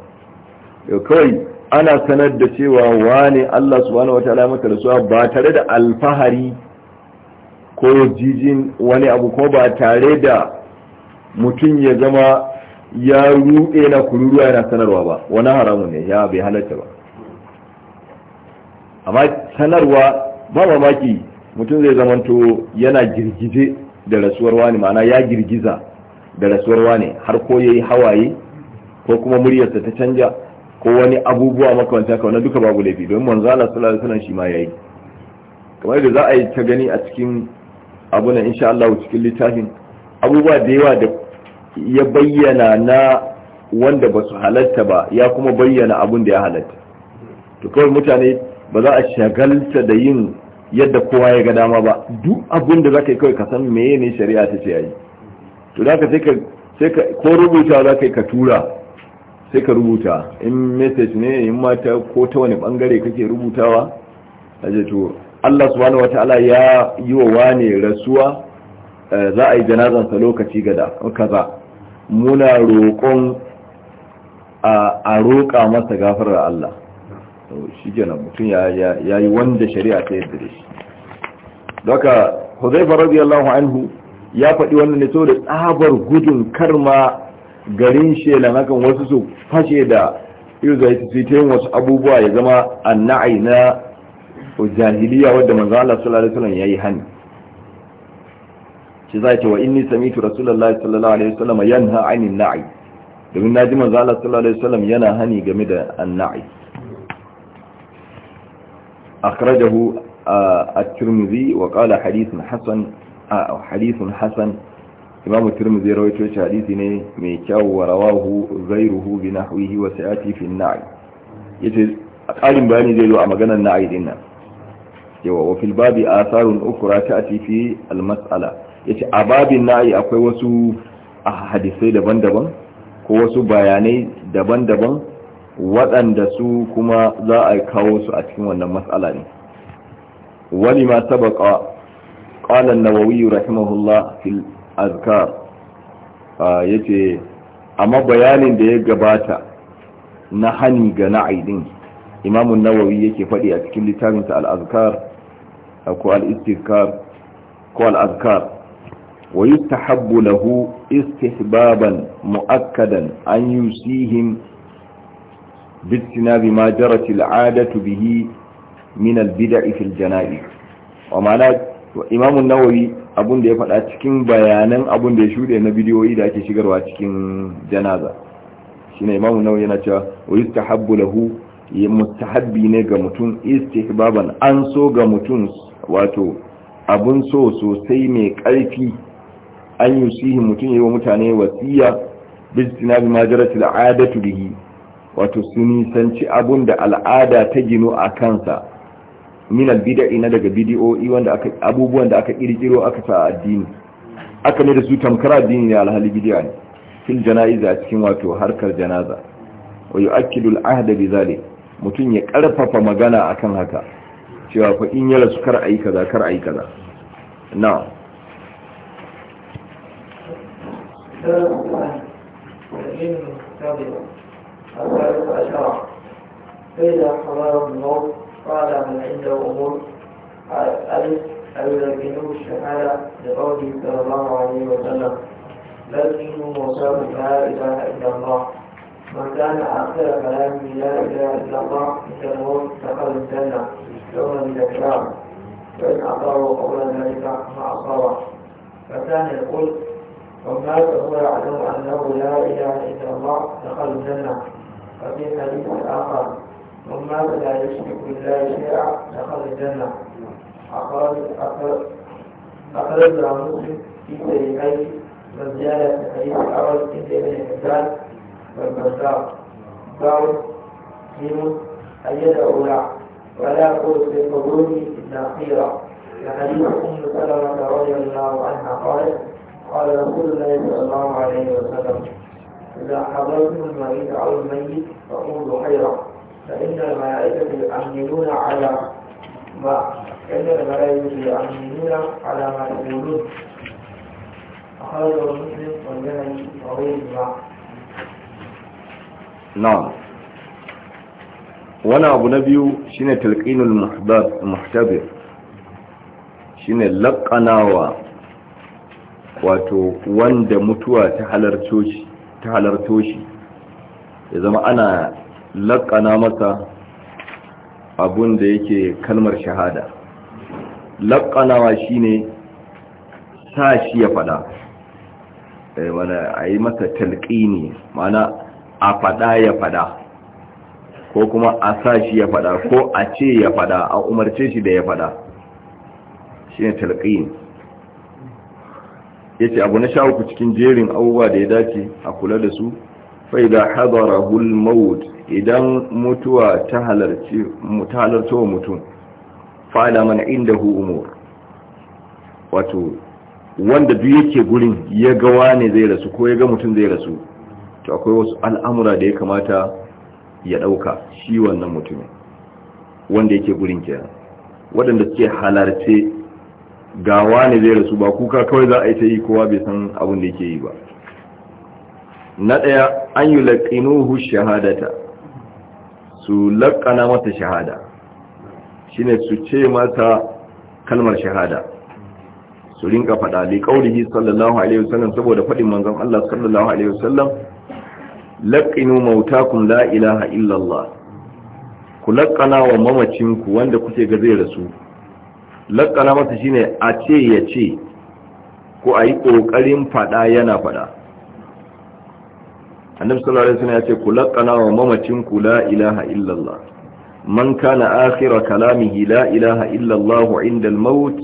kawai ana sanar da cewa wane Allah subhanahu wataala maka rasuwa ba tare da alfahari ko jijin wani abu ko ba tare da mutum ya zama ya ruɗe na kururuwa yana sanarwa ba wani haramun ne ya bai halatta ba amma sanarwa ba mamaki mutum zai zamanto yana girgije da rasuwar wani ma'ana ya girgiza da rasuwar wani har ko yayi hawaye ko kuma muryarsa ta canja ko wani abubuwa makamanta haka wani duka babu laifi domin manzo Allah sallallahu alaihi wasallam shi ma yayi kamar da za a yi ta gani a cikin abu insha Allah cikin littafin abubuwa da yawa da ya bayyana na wanda ba su halatta ba ya kuma bayyana abun da ya halatta to kawai mutane ba za a shagalta da yin yadda kowa ya ga dama ba duk abun da za ka yi kawai ka san meye ne shari'a ta ce yayi to da ka sai ka ko rubuta za ka yi ka tura sai ka rubuta in message ne in mata ko ta wani bangare kake rubutawa a to Allah subhanahu ta'ala ya yi wa wane rasuwa eh, za a yi janazansa lokaci gada kaza muna roƙon a roƙa masa gafarar Allah shi kenan mutum ya yi wanda shari'a ta yadda da shi daga huzaifa radiyallahu anhu ya faɗi wannan ne da tsabar gudun karma garin shelan hakan wasu su fashe da irin zai su ta yin wasu abubuwa ya zama annai na jahiliya wadda manzo Allah sallallahu alaihi wasallam yayi hani shi zai ce wa inni samitu rasulullahi sallallahu alaihi wasallam yanha anin na'i domin naji manzo Allah sallallahu alaihi wasallam yana hani game da annai akhrajahu uh, at-tirmidhi wa qala hadithun hasan uh, hadithun hasan imamu tirmidhi ya rawaito shi hadisi ne mai kyau wa rawahu ghayruhu bi nahwihi wa sayati fi an-na'i yace ƙarin bayani zai zo a maganar na'i din nan yawa wa fil babi atharun ukhra ta'ti fi al-mas'ala yace a babin na'i akwai wasu hadisai daban-daban ko wasu bayanai daban-daban waɗanda su kuma za a kawo su a cikin wannan matsala ne wani ma sabaka ƙalan nawawi rahimahullah fil azkar yace amma bayanin da ya gabata na hani ga na'i din imamun nawawi yake faɗi a cikin littafinsa al'azkar ko al'istikar ko al'azkar wa yi lahu istihbaban mu'akkadan an yusihim باجتناب ما جرت العادة به من البدع في الجنائز imamun nawawi abun da ya faɗa cikin bayanan abun da ya shuɗe na bidiyoyi da ake shigarwa cikin janaza shi ne imamun nawawi yana cewa wa yustahabbu lahu mustahabbi ne ga mutum istihbaban an so ga mutum wato abun so sosai mai ƙarfi an yi yusihi mutum yi wa mutane wasiya bi istinabi ma bihi wato su nisanci abun da al'ada ta gino a kansa min albid'i na daga bidiyo'i wanda aka abubuwan da aka kirkiro aka sa addini aka ne da su tamkara addini ne alhali bid'a ne fil janaiza cikin wato harkar janaza wa yu'akkidu al'ahd bi zalik mutun ya karfafa magana akan haka cewa fa in yala su kar ayi kaza kar ayi kaza na'am فإذا حضر الموت قال من عنده أمور ألف أيلبنوا الشهادة لقوله صلى الله عليه وسلم لبنوا وصابوا لا إله إلا الله من كان آخر كلام لا إله إلا الله مثله دخل الجنة يوم الكلام فإن أطاعوا قول ذلك ما أصابه فكان يقول ومات هو يعلم أنه لا إله إلا الله دخل الجنة وفي حديث آخر ثم لا يشرك بالله شيئا دخل الجنة أخرج أخرجها مسلم في من زياده حديث الارض عند ابن حبان والبزار باب يونس أن يدعو له ولا يقول في إلا خيرا لحديث أم سلمة رضي الله عنها قالت قال رسول الله صلى الله عليه وسلم إذا حضرتم المريض أو الميت فقولوا خيرا فإن الملائكة يؤمنون على ما فإن الملائكة يؤمنون على ما يقولون أخرجه مسلم والجهل وغيرهما نعم wani abu na biyu shine talqinul muhtabir shine laƙanawa wato wanda mutuwa ta halarto shi ya zama ana laƙana masa abun da yake kalmar shahada laƙanawa shine sa shi ya faɗa eh, a yi masa talƙini mana a faɗa ya faɗa ko kuma a sa shi ya faɗa ko a ce ya faɗa a umarce shi da ya faɗa shi ne talƙini ya ce abu na sha uku cikin jerin abubuwa da ya dace a kula da su fai da hadarahul maut idan mutuwa ta halarci wa mutum fa'ala mana inda hu umur wato wanda duk yake gurin ya ga wane zai rasu ko ya ga mutum zai rasu to akwai wasu al'amura da ya kamata ya ɗauka shi wannan mutumin wanda yake gurin kenan waɗanda suke halarce ga wane zai rasu ba kuka kawai za a yi ta yi kowa bai san abin da yake yi ba na ɗaya an yi laƙinuhu shahadata su laƙana mata shahada shine su ce mata kalmar shahada su rinka faɗa li sallallahu alaihi wasallam saboda faɗin manzan Allah sallallahu alaihi wasallam laƙinu mautakum la ilaha illa ku laƙana wa mamacinku wanda kuke ga zai rasu laƙana masa shine a ce ya ce ko a yi ƙoƙarin faɗa yana faɗa annabi sallallahu alaihi wasallam ya ce kulaqana wa mamacin kula la ilaha illallah man kana akhira kalamihi la ilaha illallah inda al-maut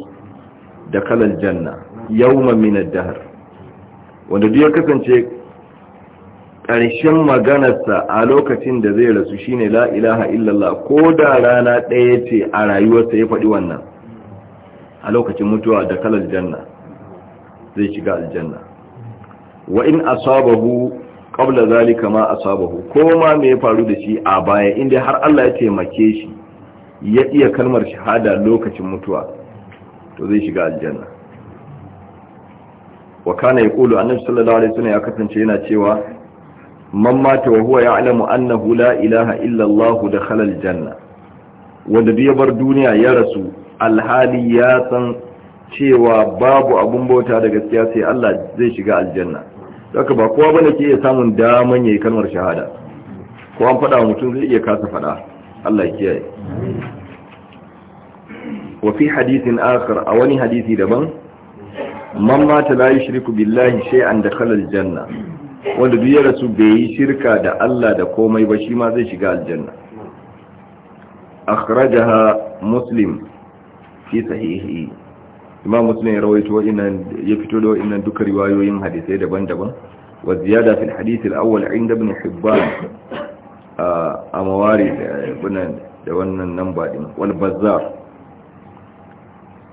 janna Yau min ad-dahr wanda duk ya kasance ƙarshen maganarsa a lokacin da zai rasu shine la ilaha illallah ko da rana ɗaya ce a rayuwarsa ya faɗi wannan a lokacin mutuwa da kalar janna zai shiga aljanna wa in asabahu qabla zalika ma asabahu ko ma me ya faru da shi a baya inda har Allah ya taimake shi ya iya kalmar shahada lokacin mutuwa to zai shiga aljanna wa kana yaqulu annabi sallallahu alaihi wasallam ya kasance yana cewa man mata wa huwa ya'lamu annahu la ilaha illa Allah dakhala aljanna wanda duk ya bar duniya ya rasu alhali ya san cewa babu abun bauta da gaskiya sai Allah zai shiga aljanna zaka ba kowa bane ke iya samun daman yayi kalmar shahada ko an faɗa mutum zai iya kasa faɗa Allah ya kiyaye wa fi hadithin akhar a wani hadisi daban man mata la yushriku billahi shay'an dakhala aljanna wanda duk ya rasu bai yi shirka da Allah da komai ba shi ma zai shiga aljanna akhrajaha muslim fi sahihi imam muslim ya rawaito wa'innan ya fito da wa'innan duka riwayoyin hadisai daban-daban wa ziyada fil hadith al-awwal inda ibn hibban a mawari da wannan namba din wal bazzar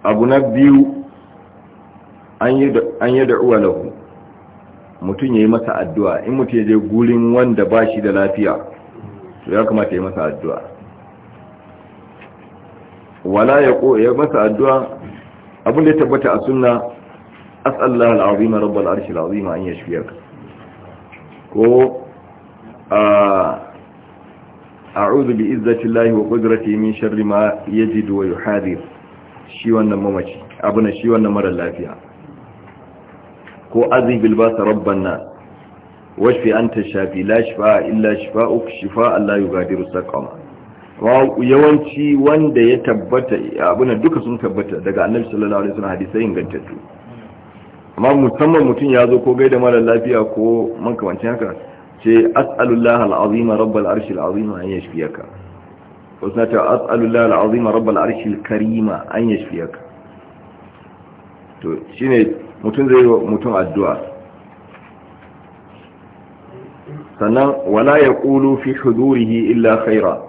abu na biyu an yi da'uwa lahu mutum ya yi masa addu'a in mutum ya je gurin wanda ba shi da lafiya to ya kamata ya masa addu'a wala ya masa addu'a abin da ya tabbata a sunna as'allahu al-azim rabbul arshi al-azim an yashfiyaka ko a'udhu bi izzati llahi wa qudratihi min sharri ma yajidu wa yuhadir shi wannan mamaci abuna shi wannan mara lafiya ko azim bil sa rabban nas an ta shafi la shifa illa shifa uku shifa la yughadiru saqama yawanci wanda ya tabbata abin duka sun tabbata daga annabi sallallahu alaihi wasallam hadisai ingantattu amma musamman mutum ya zo ko gaida mara lafiya ko makamancin haka ce as'alullah al'azima rabbal arshi al'azima an yashfiyaka wasu sai ta as'alullah al'azima rabbal arshi al-karima an yashfiyaka to shine mutum zai yi mutum addu'a sannan wala yaqulu fi hudurihi illa khairan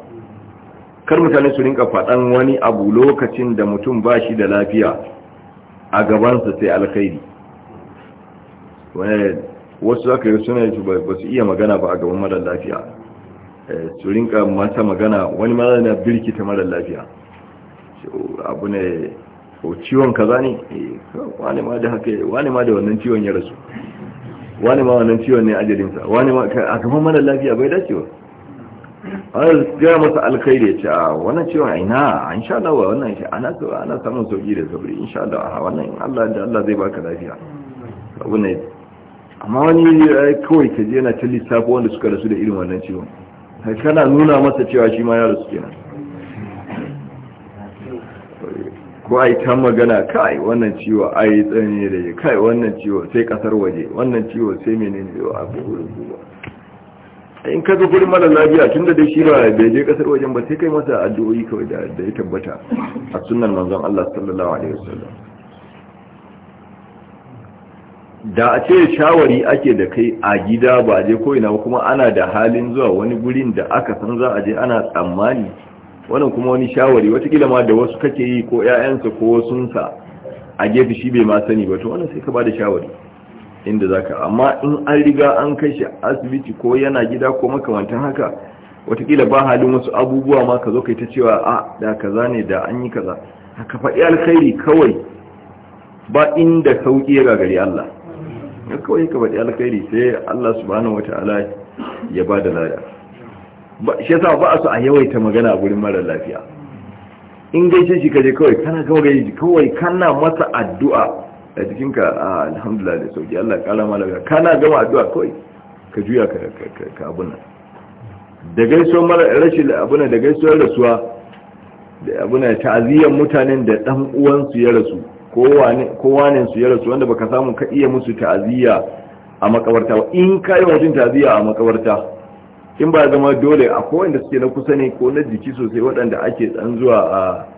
kar mutane su rinka faɗan wani abu lokacin da mutum ba shi da lafiya a gabansa sai alkhairi wasu aka yi suna yi ba su iya magana ba a gaban marar lafiya eh, su rinka masa magana wani marar na birkita marar lafiya abu ne oh, ciwon kaza ne eh, wani ma da haka wani ma da wannan ciwon ya rasu wani ma wannan ciwon ne ajalinsa wani ma a gaban marar lafiya bai dacewa har gaya masa alkhairi ya ce a wannan cewa ina in sha Allah wannan shi ana ana samun sauki da sabri in sha Allah a wannan Allah da Allah zai baka lafiya abu ne amma wani kawai ka je na ta lissafi wanda suka rasu da irin wannan ciwon kana nuna masa cewa shi ma ya rasu kenan ko ai ta magana kai wannan ciwo ai tsane da kai wannan ciwo sai kasar waje wannan ciwo sai menene abu in ka zo gurin mara tun da dai shi ba bai je kasar wajen ba sai kai masa addu'o'i kawai da ya tabbata a sunnan manzon Allah sallallahu alaihi wasallam da a ce shawari ake da kai a gida ba je ko ina kuma ana da halin zuwa wani gurin da aka san za a je ana tsammani wannan kuma wani shawari wata watakila ma da wasu kake yi ko 'ya'yansa ko sunsa a gefe shi bai ma sani ba to wannan sai ka ba da shawari inda zaka amma in an riga an kashe asibiti ko yana gida ko makamantan haka watakila ba halin wasu abubuwa ma ka zo kai ta cewa a da kaza ne da an yi kaza haka faɗi alkhairi kawai ba inda sauƙi ya gagari Allah ya kawai ka faɗi alkhairi sai Allah subhanahu wata'ala ya ba da lada shi yasa ba a so a yawaita magana a gurin mara lafiya in gaishe shi kaje kawai kana kawai kawai kana masa addu'a a jikinka a alhamdulillah da sauki Allah kala malaka kana gama addu'a kawai ka juya ka ka abun nan da gaisuwar mara rashin abun da gaisuwar rasuwa da abun nan ta'aziyyar mutanen da dan uwan su ya rasu ko wane su ya rasu wanda baka samu ka iya musu ta'aziyya a makabarta in kai wajen ta'aziyya a makabarta in ba zama dole a da suke na kusa ne ko na jiki sosai waɗanda ake dan zuwa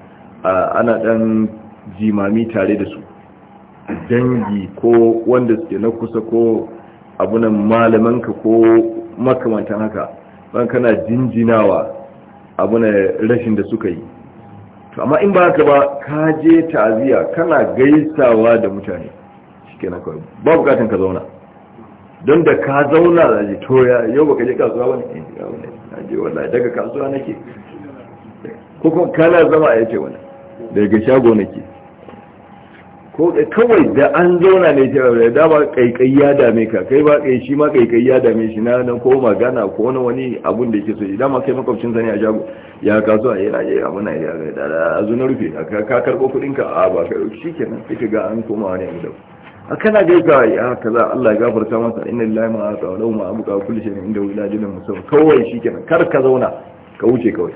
a ana ɗan jimami tare da su dangi ko wanda suke na kusa ko abunan malamanka ko makamantan haka ban kana jinjinawa abunan rashin da suka yi to amma in ba haka ba ka je taziya kana gaisawa da mutane na kawai ba bukatan ka zauna don da ka zauna da ji to ya yau ka je kasuwa ba ne eh, na je wallahi daga kasuwa nake ko kuma kana zama a yace wani daga shago nake ko kawai da an zauna ne ta da ba kaikai ya dame ka kai ba kai shi ma kaikai ya dame shi na nan ko magana ko wani wani abun da yake so idan ma kai makwabcin sa ne a shago ya kasuwa a yi raje a muna ya ga da a zo na rufe ka karbo kudin ka a ba kai shikenan sai ga an koma wani abu da a kana ga ka ya kaza Allah ya gafarta masa inna lillahi ma ta wa ma abuka kullu shay'in inda wiladin musaw kawai shikenan kar ka zauna ka wuce kawai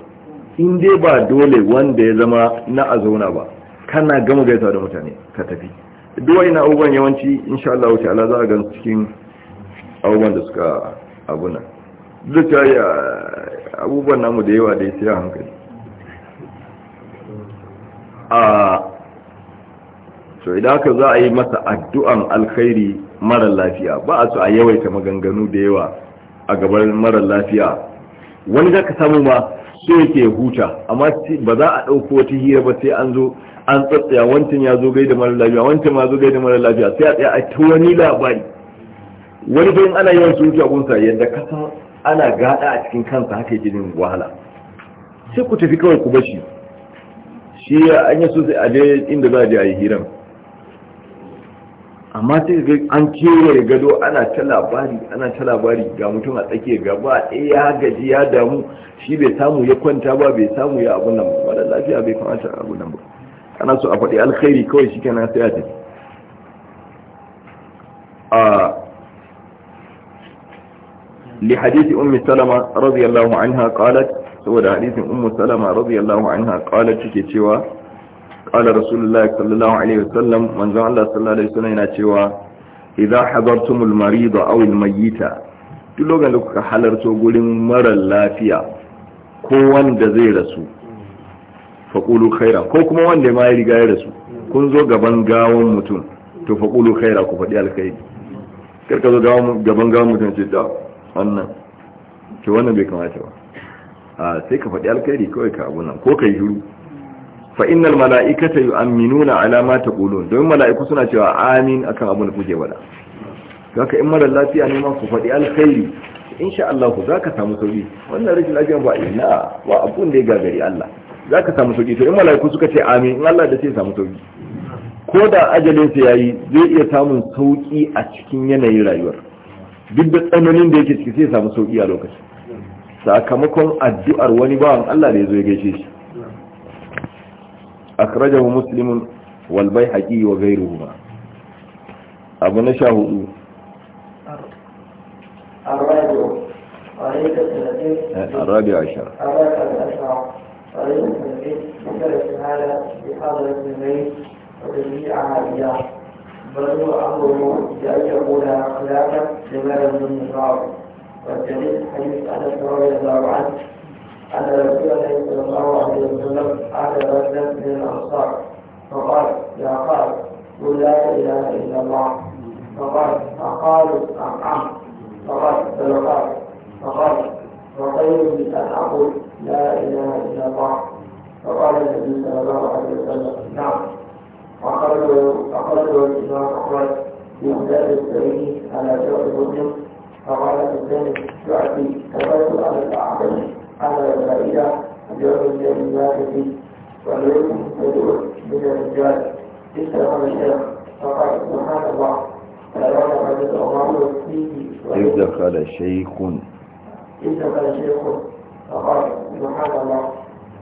in dai ba dole wanda ya zama na a zauna ba kana gama gaisa da mutane ka tafi duwai na abubuwan yawanci insha Allah wuce ala za a gani cikin abubuwan da suka abuna duk da ya eh, abubuwan namu da yawa da ya siya hankali a so idan za a yi masa addu'an alkhairi mara lafiya ba a so a yawaita maganganu da yawa a gaban mara lafiya wani za ka samu ma so yake huta amma ba za a ɗauko wata hira ba sai an zo an tsatsaya wancan ya zo gaida mara lafiya wancan ma zo gaida mara lafiya sai a tsaya a ta wani labari wani bayan ana yawan surutu a gunsa yadda kasa ana gada a cikin kansa haka yake jin wahala sai ku tafi kawai ku bashi shi an yi sosai a je inda za a je a yi hiran amma sai ga an kewaye gado ana ta labari ana ta labari ga mutum a tsakiyar gaba ɗaya eh, ya gaji ya damu shi bai samu ya kwanta ba bai samu ya abun nan ba mara lafiya bai kamata abun nan ba ana so a faɗi alkhairi kawai shi kenan sai a tafi a li hadisi ummi salama radiyallahu anha qalat saboda hadisin ummi salama radiyallahu anha qalat take cewa qala rasulullahi sallallahu alaihi wasallam Allah sallallahu alaihi yana cewa idza hadartumul marida aw al mayyita duk lokacin da kuka halarto gurin mara lafiya ko wanda zai rasu faƙulu khaira ko kuma wanda ma ya riga ya rasu kun zo gaban gawon mutum to faƙulu khaira ku faɗi alkhairi karka zo gaban gawon mutum ce da wannan ke wannan bai kamata ba a sai ka faɗi alkhairi kawai ka abu nan ko ka yi huru fa innal mala'ikata yu'minuna ala ma taqulun don mala'iku suna cewa amin akan abin da kuke faɗa kaka in mara lafiya ne ma ku faɗi alkhairi insha Allah ku zaka samu sauki wannan rashin lafiya ba ina ba abun da ya gagari Allah za ka samu sauki to in mala'iku suka ce amin in Allah da sai samu sauki ko da ajalin ya yi zai iya samun sauki a cikin yanayin rayuwar duk da tsananin da yake ciki sai samu sauki a lokaci sakamakon addu'ar wani bawan Allah da ya zo ya gaishe shi akhrajahu muslimun wal bayhaqi wa ghayruhu abu na sha hudu الرابع عشر الرابع عشر ويمكن ذكر هذا بحضرة البيت وجميع إياه بل أمره بأن يكون خلافا لما لم ينصاب والدليل حديث أنس رضي الله عنه أن رسول الله صلى الله عليه وسلم أعلى من الأنصار فقال يا قال قل لا إله إلا الله فقال فقالوا أم أم فقال بل فقال وخير الحق لا اله الا الله فقال النبي صلى الله عليه وسلم نعم وقرر الامام احمد في كتاب السعيد على شرط مسلم فقال الثاني شعبي كفرت على الاعظم على البعيده بيوم الذي مات فيه تدور من الرجال استغفر الشيخ فقال سبحان الله فلما رجل الله فيه ويدخل شيخ إنه كان شيخ فقال سبحان الله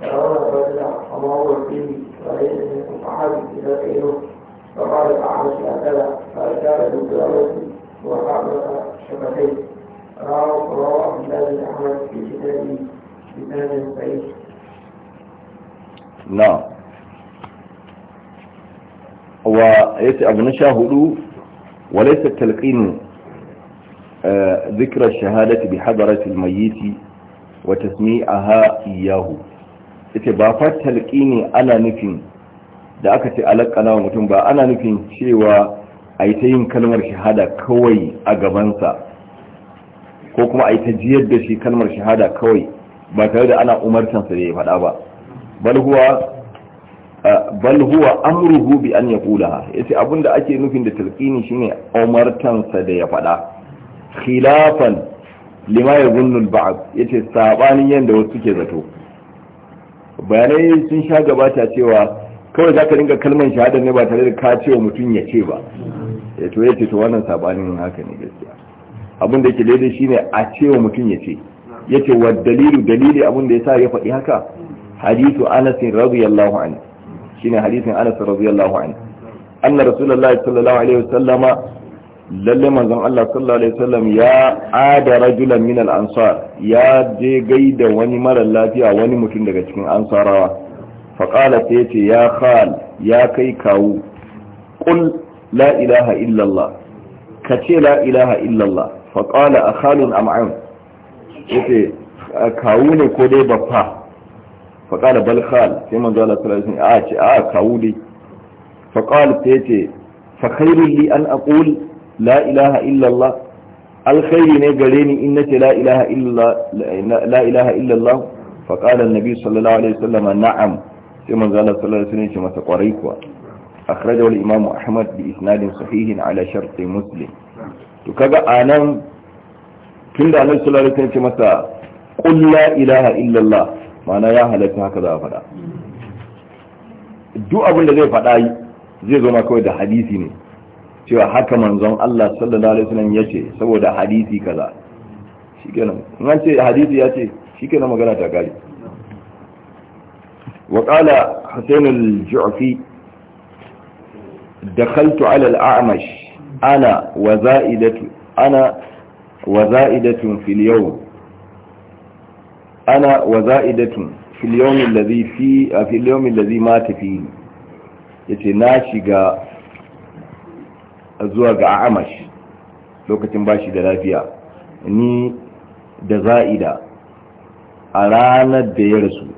ترون الرجل وما هو فيه وليس منكم أحد إذا كينه فقال الأعمش هكذا فأجاب بالدرجة وقابل شفتيه رواه رواه عبد الله بن أحمد في كتابه بسند صحيح نعم ويأتي أبو نشا هدو وليس التلقين ذكر الشهادة بحضرة الميت وتسميعها إياه ita ba fa talqini ana nufin da aka ce alakana wa mutum ba ana nufin cewa a yi ta yin kalmar shahada kawai a gabansa ko kuma a yi ta jiyar da shi kalmar shahada kawai ba tare da ana umartansa da ya faɗa ba bal huwa amruhu bi an ya kula abinda ake nufin da talƙini shine umartansa da ya faɗa khilafan lima ya gunnul ba'ad yace sabanin yanda wasu suke zato bayanai sun sha gabata cewa kawai zaka dinga kalman shahada ne ba tare da ka wa mutum ya ce ba eh, to yace to wannan sabanin haka ne gaskiya abin da yake daidai shine a cewa mutum ya ce yace wa dalilu dalili abin da yasa ya faɗi haka hadithu Anas radiyallahu anhu shine hadisin Anas radiyallahu anhu anna rasulullahi sallallahu alaihi wasallama lalle manzon Allah sallallahu alaihi wasallam ya ada rajulan min al-ansar ya je gaida wani mara lafiya wani mutum daga cikin ansarawa fa qala sai yace ya khal ya kai kawu qul la ilaha illa Allah ce la ilaha illa Allah fa qala akhalun am am yace kawu ne ko dai baffa fa qala bal khal sai manzon Allah sallallahu alaihi wasallam a ce a kawu dai fa qala sai yace fa khairul li an aqul la ilaha illallah alkhairi ne gareni ni in nace la ilaha illallah la ilaha illallah fa qala annabi sallallahu alaihi wasallam na'am sai manzo Allah sallallahu alaihi wasallam kwarai kuwa akhrajahu al-imam ahmad bi isnadin sahihin ala muslim to kaga anan tunda annabi sallallahu alaihi wasallam ya masa la ilaha illallah ma'ana ya halatta haka za a faɗa duk abin da zai faɗa zai zo kawai da hadisi ne cewa haka manzon Allah sallallahu alaihi wasallam yace saboda hadisi kaza shikenan in an ce hadisi ya shikenan magana ta kare wa qala Husain al-Ju'fi dakhaltu ala al-A'mash ana wa za'idatu ana wa za'idatun fil yawm ana wa za'idatun fil yawm alladhi fi fil yawm alladhi mata fihi yace na shiga zuwa ga amash lokacin bashi da lafiya ni da za'ida a ranar da ya rasu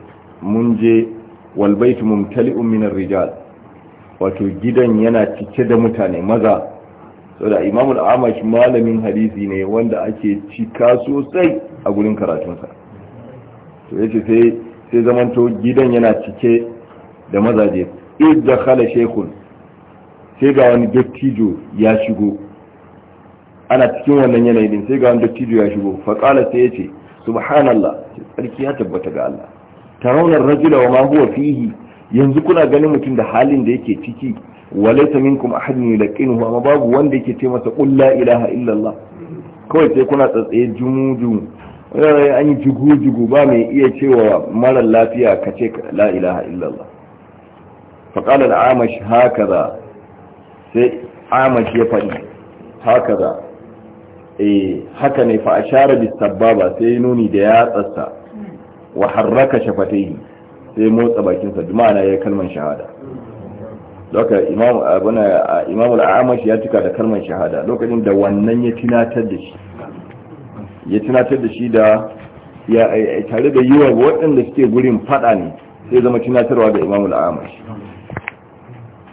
mun je walbaitu mumtali'un min rijal wato gidan yana cike da mutane maza da imamul amash malamin hadisi ne wanda ake cika sosai a gurin karatunsa to yace sai zamanto gidan yana cike da mazaje idda dakhala shaykhun sai ga wani dattijo ya shigo ana cikin wannan yanayi din sai ga wani dattijo ya shigo faƙala sai ce subhanallah sarki ya tabbata ga Allah taraunar ar-rajula wa ma huwa fihi yanzu kuna ganin mutum da halin da yake ciki walaysa minkum da yulaqinuhu amma babu wanda yake ce masa qul la ilaha illallah kawai sai kuna tsatsaye jumuju eh, an yi jugu ba mai iya cewa marar lafiya ka ce la ilaha illallah faƙalar amash haka sai amash ya faɗi haka za eh haka ne fa ashara bis sababa sai nuni da ya tsasta wa harraka shafatai sai motsa bakinsa ma'ana ya kalman shahada abuna ya tuka da kalman shahada lokacin da wannan ya tunatar da shi ya tunatar da shi da ya tare da yiwa waɗanda suke gurin fada ne sai zama tunatarwa da imamul al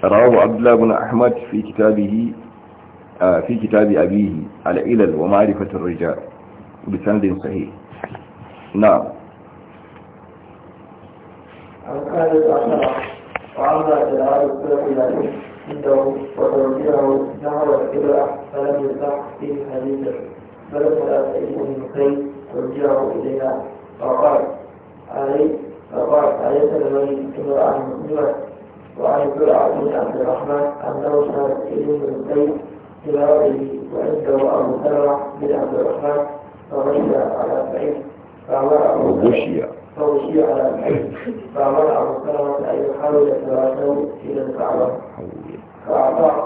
رواه عبد الله بن أحمد في كتابه آه، في كتاب أبيه على إلل ومعرفة الرجال بسند صحيح نعم عن خالد أحمد السلف إلى عنده فلم فيه بل إليها فقال علي فقال أليس لمن امرأة وعن الزرع عبد الرحمن أنه سمع إليه من البيت تلاوته وعنده أبو سلمة بن عبد الرحمن فغشي على البيت فأمر وغشي فغشي على البيت فأمر أبو سلمة أن يحاول تلاوته إلى الكعبة فأعطاه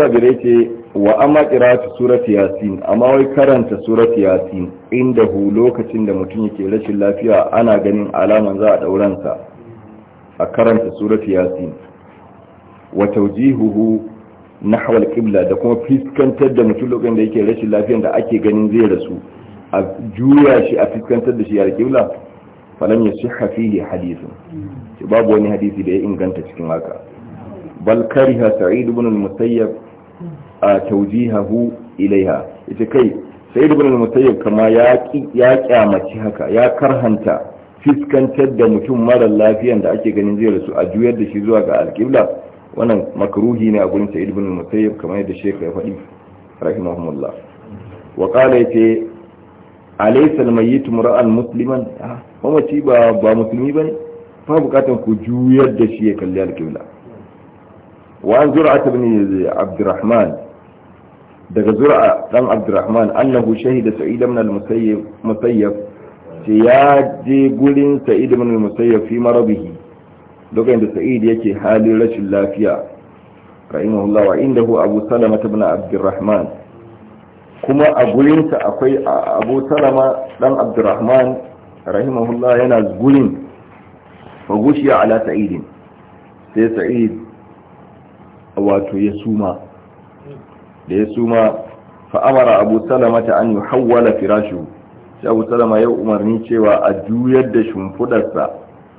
shabirai ce wa amma ta surati yasin amma wai karanta surati yasin inda hu lokacin da mutum yake rashin lafiya ana ganin alaman za a dauransa a karanta surati yasin wa tawjihuhu nahwa al-qibla da kuma fiskantar da mutum lokacin da yake rashin lafiya da ake ganin zai rasu a juya shi a fiskantar da shi al-qibla falam yasihha fihi hadithun babu wani hadisi da ya inganta cikin haka bal kariha sa'id ibn al-musayyab a taujihahu ilaiha ita kai sai ibn al kama ya kyamaci haka ya karhanta fiskantar da mutum mara lafiyan da ake ganin zai rasu a juyar da shi zuwa ga alkibla wannan makaruhi ne a gurin sa'id ibn al-musayyib kamar yadda shekha ya faɗi rahimahumullah wa qala ce alaysa al-mayyit mura'an musliman ah, mamaci ba ba musulmi fa bukatan ku juyar da shi ya kalli alkibla wa an zur'at abdurrahman daga zura'a dan abdurrahman annahu shahida sa'id ibn al-musayyib musayyib ce ya je gurin sa'id ibn al-musayyib fi marabihi lokacin da sa'id yake halin rashin lafiya rahimahullah wa indahu abu salama ibn abdurrahman kuma a sa akwai abu salama dan abdurrahman rahimahullah yana gurin fa gushiya ala sa'id sai sa'id wato ya suma da ya suma fa'amara abu salama ta an yi hawwala firashu shi abu salama ya umarni cewa a juyar da shimfudarsa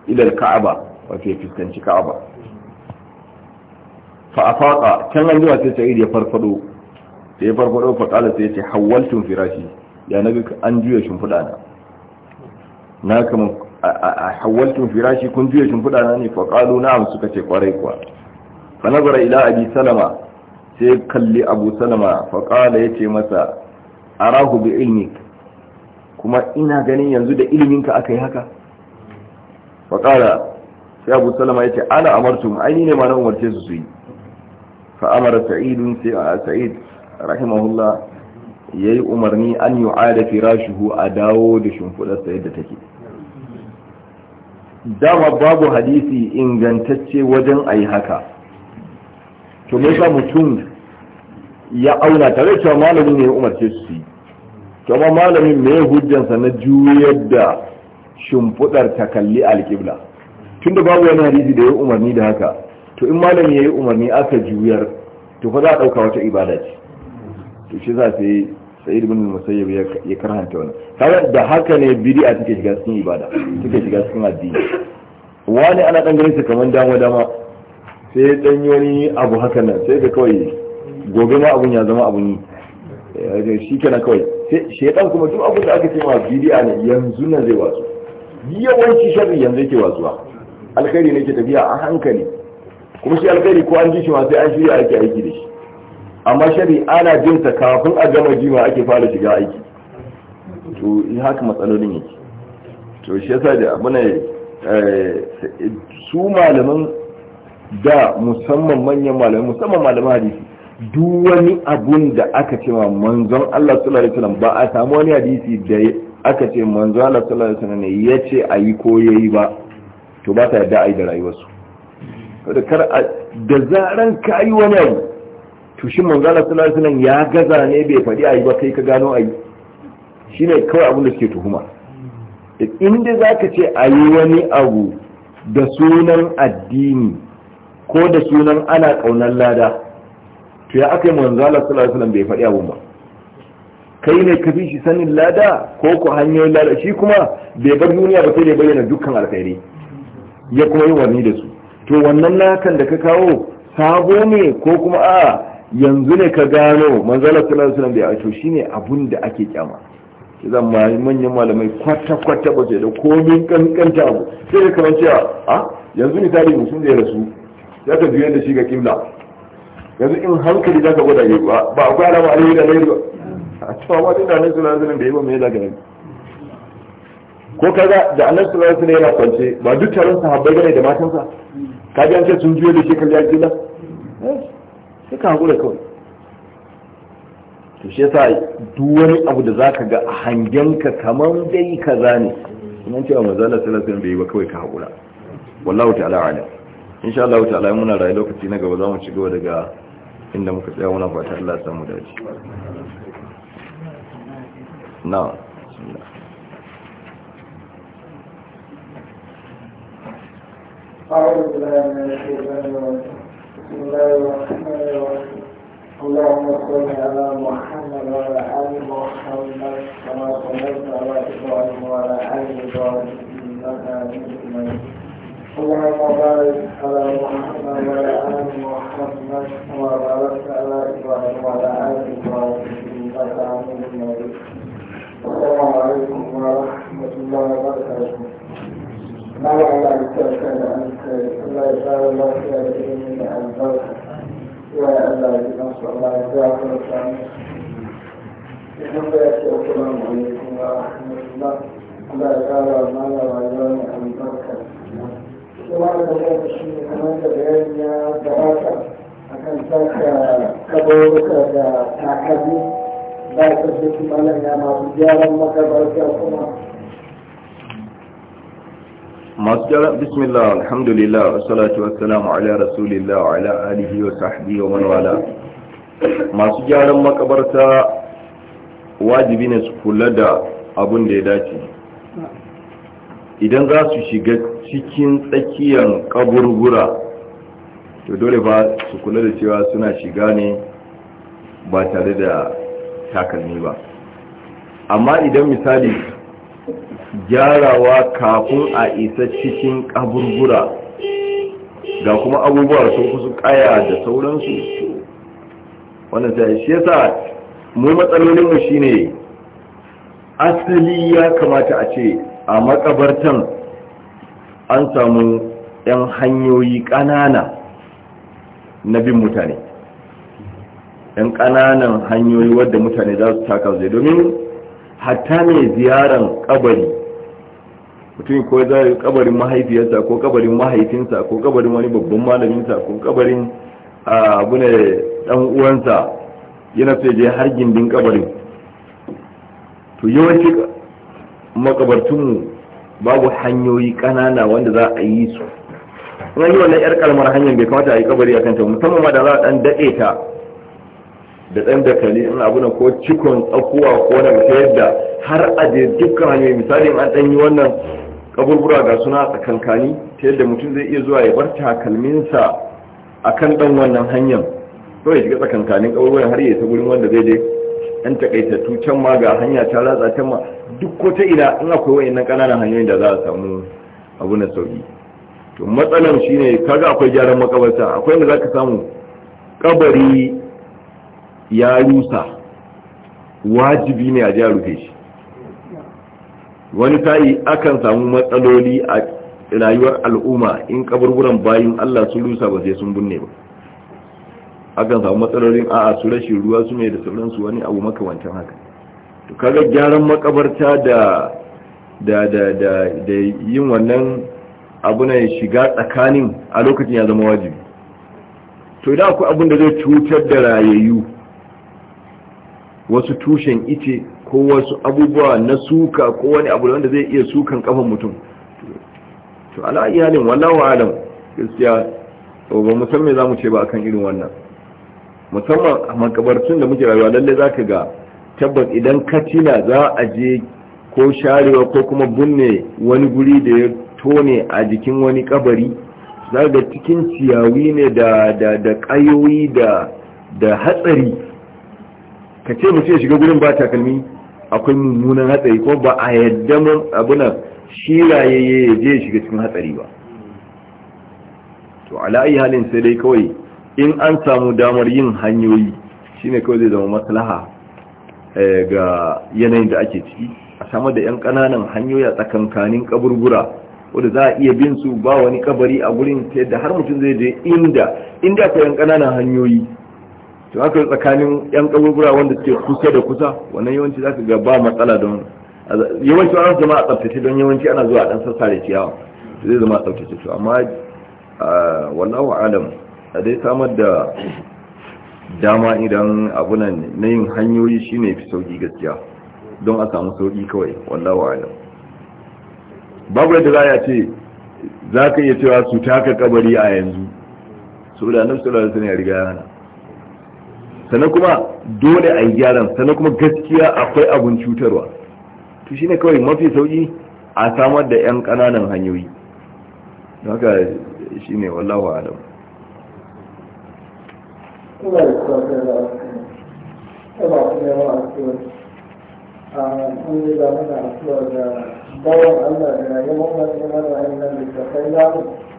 ilal ka'aba wato ya fuskanci ka'aba fa a faɗa can an zuwa sai sa'id ya farfado da ya farfado fa sai ya ce hawwaltun firashi ya naga an juya shimfida na na kama a hawwaltun firashi kun juya shimfida na ne fa qalu na'am suka ce kwarai kuwa fa nazara ila abi salama sai kalli abu salama faƙala ya ce masa arahu bi ilmik kuma ina ganin yanzu da ilminka aka yi haka faƙala sai abu salama ya ce ana amartum aini ne ma na umarce su su yi fa'amara sa'idun sai a sa'id rahimahullah ya yi umarni an yi da firashihu a dawo da shimfiɗarsa yadda take dama babu hadisi ingantacce wajen a yi haka to me sa mutum ya auna tare cewa malami ne ya umarce su yi to amma malamin me ya hujjansa na juyar da shimfudar ta kalli alƙibla tunda babu wani hadisi da ya umarni da haka to in malami ya yi umarni aka juyar to fa za a ɗauka wata ibada ce to shi za sai sa'id bin musayyib ya karhanta wannan kaga da haka ne bid'a take shiga cikin ibada take shiga cikin addini wani ana dangane ganin sa kaman dama dama sai ya yi wani abu haka nan sai ka kawai gobe ma abun ya zama abun yi eh, shi kenan kawai shaitan kuma duk abin da aka ce ma bidiya ne yanzu nan zai wasu yawanci sharri yanzu yake wasuwa alkhairi ne ke tafiya a hankali kuma shi alkhairi ko an ji shi masu an shirya ake aiki da shi amma shari ana jin ta kafin a gama jima ake fara shiga aiki to in haka matsalolin yake to shi yasa da abu ne eh, su malaman da musamman manyan malamai musamman malaman hadisi duk wani abun da aka ce wa manzon Allah sallallahu alaihi wasallam ba a samu wani hadisi da aka ce manzon Allah sallallahu alaihi wasallam ya ce a yi ko yayi ba to ba ta yadda a yi da rayuwarsu kada kar da zaran ka yi wani abu to shi manzon Allah sallallahu alaihi wasallam ya gaza ne bai faɗi ayi ba kai ka gano ayi. shine kawai abun da suke tuhuma inda zaka ce a yi wani abu da sunan addini ko da sunan ana kaunar lada to ya aka yi manzala sallallahu alaihi wasallam bai faɗi abun ba kai ne ka fi shi sanin lada ko ko hanyoyin lada shi kuma bai bar duniya ba sai da bayyana dukkan alkhairi ya kuma yi wani da su to wannan nakan da ka kawo sabo ne ko kuma a yanzu ne ka gano manzala sallallahu alaihi wasallam bai aito shine abun da ake kyama zan ma manyan malamai kwata kwata ba sai da komai kankanta abu sai da kamar cewa a ah, yanzu misali musulmi da ya rasu ya ta juyar da shi ga kimla yanzu in hankali za ka gwada yiwuwa ba ba akwai alama alaihi da yi ba a cewa wani da annabi sallallahu alaihi da yi ba mai zagaye yi ko kaga da annabi sallallahu alaihi yana kwance ba duk taron sahabbai gane da matansa ka ji an ce sun juyo da shi kalli alƙila eh, sai ka haƙura kawai to shi yasa duk wani abu da zaka ga a hangenka kaman dai kaza ne kuma an ce Allah sallallahu alaihi wasallam bai yi ba kawai ka haƙura wallahu ta'ala a'lam insha Allah ta'ala muna rayu lokaci na gaba za mu ci gaba daga inda muka tsaya wani fata Allah ya samu dace na أعوذ بالله من الشيطان الرجيم بسم الله الرحمن الرحيم اللهم صل على محمد وعلى ال محمد كما صليت على ابراهيم وعلى ال ابراهيم انك حميد مجيد اللهم بارك على محمد وعلى ال محمد كما باركت على ابراهيم وعلى ال ابراهيم انك حميد مجيد السلام عليكم ورحمه الله وبركاته ما وعلى الكافر انت لا يزال الله في علمك البركه يا الله بنصر الله جعل الحمد لله السلام عليكم ورحمه الله الله تعالى ما لا وعلى البركه wani magana shi ne kamar da bayani ya gabata a kan saka kabaruka da takalmi ba ta zai malam ya masu gyaran makabarta kuma masu gyaran bismillah alhamdulillah wasalatu wassalamu ala rasulillah ala alihi wa sahbihi wa man wala masu gyaran makabarta wajibi ne su kula da abun da ya dace idan za su shiga cikin tsakiyar kaburbura to dole ba su kula da cewa suna shiga ne ba tare da takalmi ba amma idan misali gyarawa kafin a isa cikin kaburbura ga kuma abubuwa sun kusa kaya da sauransu wannan ta shi yasa mu matsalolinmu shine asali ya kamata a ce a makabartan an samu 'yan hanyoyi ƙanana na bin mutane 'yan ƙananan hanyoyi wadda mutane za su taka zai domin hatta mai ziyaran kabari mutum ko za kabarin mahaifiyarsa ko kabarin mahaifinsa ko kabarin wani babban malaminsa ko kabarin abu ne dan uwansa yana so je har gindin kabarin to yawanci makabartunmu babu hanyoyi kanana wanda za a yi su in yi wannan yar kalmar hanyar bai kamata a yi kabari a kanta musamman ma da za a dan daɗe ta da ɗan dakali in abu ko cikon tsakuwa ko na ta yadda har a je dukkan hanyoyi misali an ɗan yi wannan kaburbura ga suna a tsakankani ta yadda mutum zai iya zuwa ya bar takalminsa a kan ɗan wannan hanyar to ya shiga tsakankanin kaburbura har ya ta gurin wanda zai je dan takaitattu can ma ga hanya ta latsa. can ma duk ko ta ina in akwai wayannan kananan hanyoyin da za a samu abu na sauki to matsalar shine kaga akwai gyaran makabarta akwai inda zaka samu kabari ya rusa wajibi ne a ji a rufe shi wani sa'i akan samu matsaloli a rayuwar al'umma in kaburburan bayin Allah sun rusa ba sai sun binne ba akan samu matsalolin a'a su rashin ruwa su ne da sauransu wani abu makamantan haka to kaga gyaran makabarta da da da da da yin wannan abu ne shiga tsakanin a lokacin ya zama wajibi to idan akwai abin da zai cutar da rayayyu wasu tushen ice ko wasu abubuwa na suka ko wani abu wanda zai iya sukan kafan mutum to ala iyalin wallahu alam gaskiya to ba musamman zamu ce ba akan irin wannan musamman a makabartun da muke rayuwa lalle zaka ga tabbas idan katina za a je ko sharewa ko kuma binne wani guri da ya tone a jikin wani kabari za ga cikin ciyawi ne da da da kayoyi da da hatsari ka ce mu ya shiga gurin ba takalmi akwai mummunan hatsari ko ba a yadda mun abuna shiraye ya je shiga cikin hatsari ba to ala halin sai dai kawai in an samu damar yin hanyoyi shine kawai zai zama maslaha Eh, ga yanayin da ake ciki a samar da 'yan kananan hanyoyi a tsakankanin kaburbura wadda za a iya bin su ba wani kabari a gurin ta yadda har mutum zai je inda inda akwai 'yan kananan hanyoyi to haka tsakanin 'yan kaburbura wanda suke kusa da kusa wannan yawanci za ka ba matsala don yawanci ana zama a tsaftace don yawanci ana zuwa dan sassare ciyawa zai zama a tsaftace to amma ah, wallahu alam a dai samar da dama idan abunan na yin hanyoyi shine fi sauki gaskiya don a samu sauki kawai wallahu alam babu da za a ce za ka iya cewa su taka kabari a yanzu su da nan ne a riga yana sannan kuma dole a yi gyaran sannan kuma gaskiya akwai abun cutarwa to shine kawai mafi sauki a samar da yan ƙananan hanyoyi haka shine wallahu alam Ela é só pela. Ela é a sua. A comunidade na sua da. Bawan Allah da yawan wasu mara'ayin nan da ta kai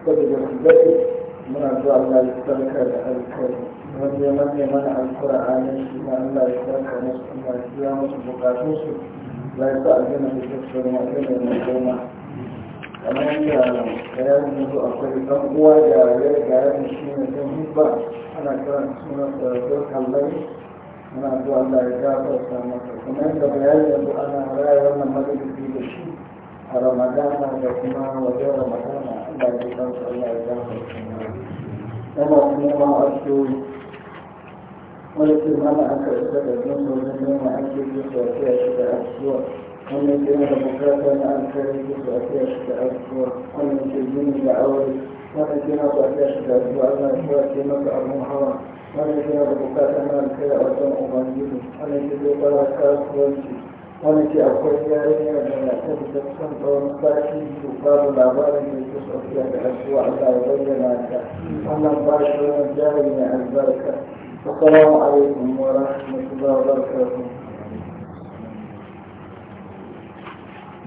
su daɗe muna zuwa Allah ya sarka da alkhairi wanda ya manne mana alkur'anin shi na Allah ya musu ya musu bukatunsu sa a gina da kyau da da goma kamar yadda bayanin yanzu akwai ɗan uwa da ya bayanin shi ne ɗan hibba ana kiran suna tsarkar kallai ana zuwa Allah ya gafarta masa kamar yadda bayanin yanzu ana raya wannan majalisi da shi a ramadana da kuma wajen ramadana Allah ya gafarta Allah ya gafarta yana kuma ma addu'o'i wani kirma na aka isa da nufin wajen nema ake yi sosai a shiga addu'a ومن جهد مكافأة عن كريم فأتيش كأسوأ ومن جهد لأولي ومن جهد أتيش كأسوأ أن أسوأ كلمة أبو حرام ومن جهد مكافأة عن كريم أسوأ أمانيه ومن جهد قال كأسوأ wani ce akwai yare yana da mata da tafsan tsawon sashi babu labarin da ke sofiya da rasuwa Allah ya bayyana ta wannan ba shi wani jari mai albarka assalamu alaikum wa rahmatullahi wa barakatuh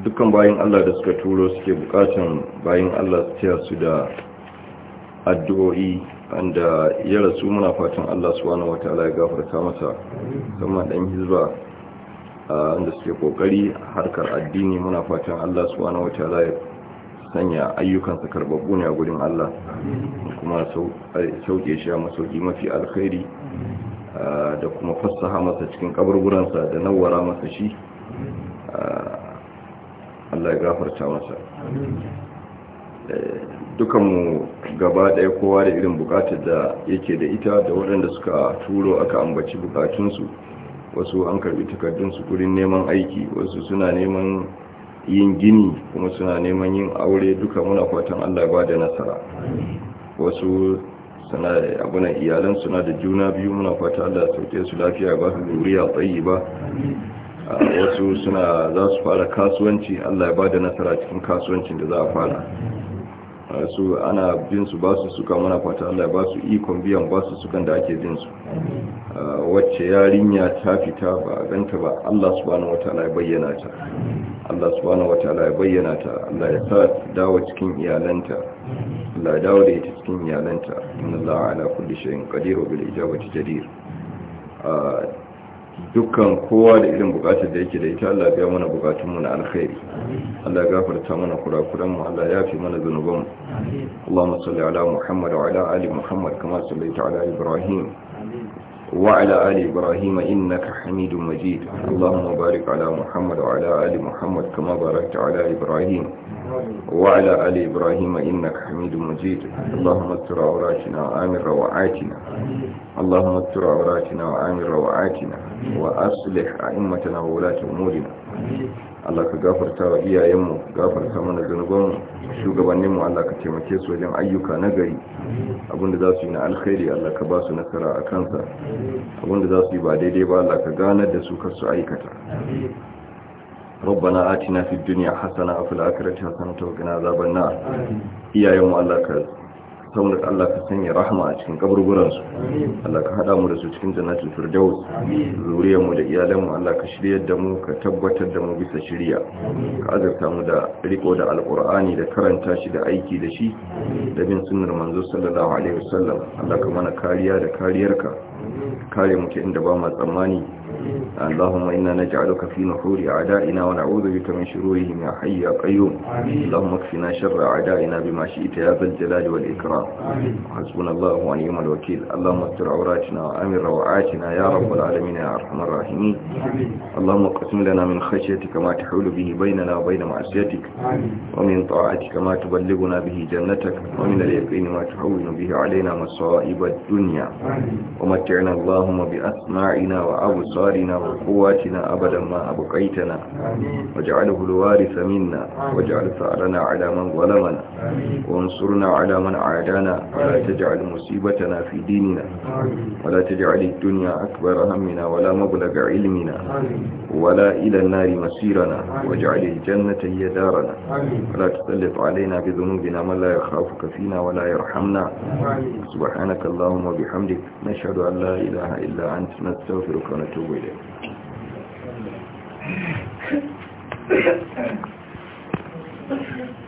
dukkan bayan Allah da suka turo suke bukatan bayan Allah su taya su da addu'o'i wanda ya rasu muna fatan Allah subhanahu wataala ya gafarta masa kuma dan hizba wanda suke kokari harkar addini muna fatan Allah subhanahu wataala ya sanya ayyukansa karbabbu ne a gurin Allah kuma sauke shi a masauki mafi alkhairi da kuma fassaha masa cikin kaburburansa da nawwara masa shi Allah ya gafarta masa eh, dukanmu gaba ɗaya kowa da irin bukatar da yake da ita da waɗanda suka turo aka ambaci bukatunsu wasu an karbi takardunsu gurin neman aiki wasu suna neman yin gini kuma suna neman yin aure duka muna fatan Allah ba da nasara wasu suna abuna iyalansu suna da juna biyu muna fata Allah sauke su lafiya ba su duriya tsayi ba wasu suna za su fara kasuwanci allah ya ba da nasara cikin kasuwancin da za a fara su ana binsu ba su suka mana fata allah ya ba su ikon biyan ba su sukan da ake binsu wacce yarinya ta fita ba a ganta ba allah subhanahu wataala ya bayyana ta allah subhanahu wataala ya bayyana ta allah ya sa dawa cikin iyalanta allah ya dawo da ita cikin iyalanta inna allah ala kulli shay'in qadir wa bil ijabati jadir dukkan kowa da irin bukatar da yake da ita Allah ya mana mu na alkhairi Allah ya gafarta mana kurakuranmu Allah ya fi mana zunubanmu Allahumma salli ala Muhammad wa ala ali Muhammad kama sallaita ala Ibrahim وعلى آل إبراهيم إنك حميد مجيد اللهم بارك على محمد وعلى آل محمد كما باركت على إبراهيم وعلى آل إبراهيم إنك حميد مجيد اللهم استر عوراتنا وآمن روعاتنا اللهم استر عوراتنا وآمن روعاتنا وأصلح أئمتنا وولاة أمورنا Allah ka gafarta wa iyayenmu gafarta mana zanubanmu shugabanninmu Allah ka taimake su wajen ayyuka na gari abinda za su yi na alkhairi Allah ka ba su nasara a kansa abinda za su yi ba daidai ba Allah ka ganar da su kar su aikata ربنا آتنا في الدنيا حسنة وفي الآخرة حسنة وقنا عذاب النار إياهم الله كذب saboda Allah ka sanya rahama a cikin kaburburan su Allah ka haɗa mu da su cikin jannatul firdaus zuriyar mu da iyalan mu Allah ka shiryar da mu ka tabbatar da mu bisa shiriya ka azurta mu da riko da Alƙur'ani da karanta shi da aiki da shi da bin sunnar manzo sallallahu alaihi wasallam Allah ka mana kariya da kariyarka kare muke inda ba mu tsammani اللهم إنا نجعلك في نحور أعدائنا ونعوذ بك من شرورهم يا حي يا قيوم اللهم اكفنا شر أعدائنا بما شئت يا ذا الجلال والإكرام حسبنا الله ونعم الوكيل اللهم استر عوراتنا وأمن روعاتنا يا رب العالمين يا أرحم الراحمين اللهم اقسم لنا من خشيتك ما تحول به بيننا وبين معصيتك ومن طاعتك ما تبلغنا به جنتك ومن اليقين ما تحول به علينا مصائب الدنيا ومتعنا ومتعنا اللهم بأسماعنا وأبصارنا وقواتنا أبدا ما أبقيتنا واجعله الوارث منا واجعل ثأرنا على من ظلمنا وانصرنا على من عادانا ولا تجعل مصيبتنا في ديننا ولا تجعل الدنيا أكبر همنا ولا مبلغ علمنا ولا إلى النار مسيرنا واجعل الجنة هي دارنا ولا تسلط علينا بذنوبنا من لا يخافك فينا ولا يرحمنا سبحانك اللهم وبحمدك نشهد أن أن لا إله إلا أنت نستغفرك ونتوب إليك Thank you.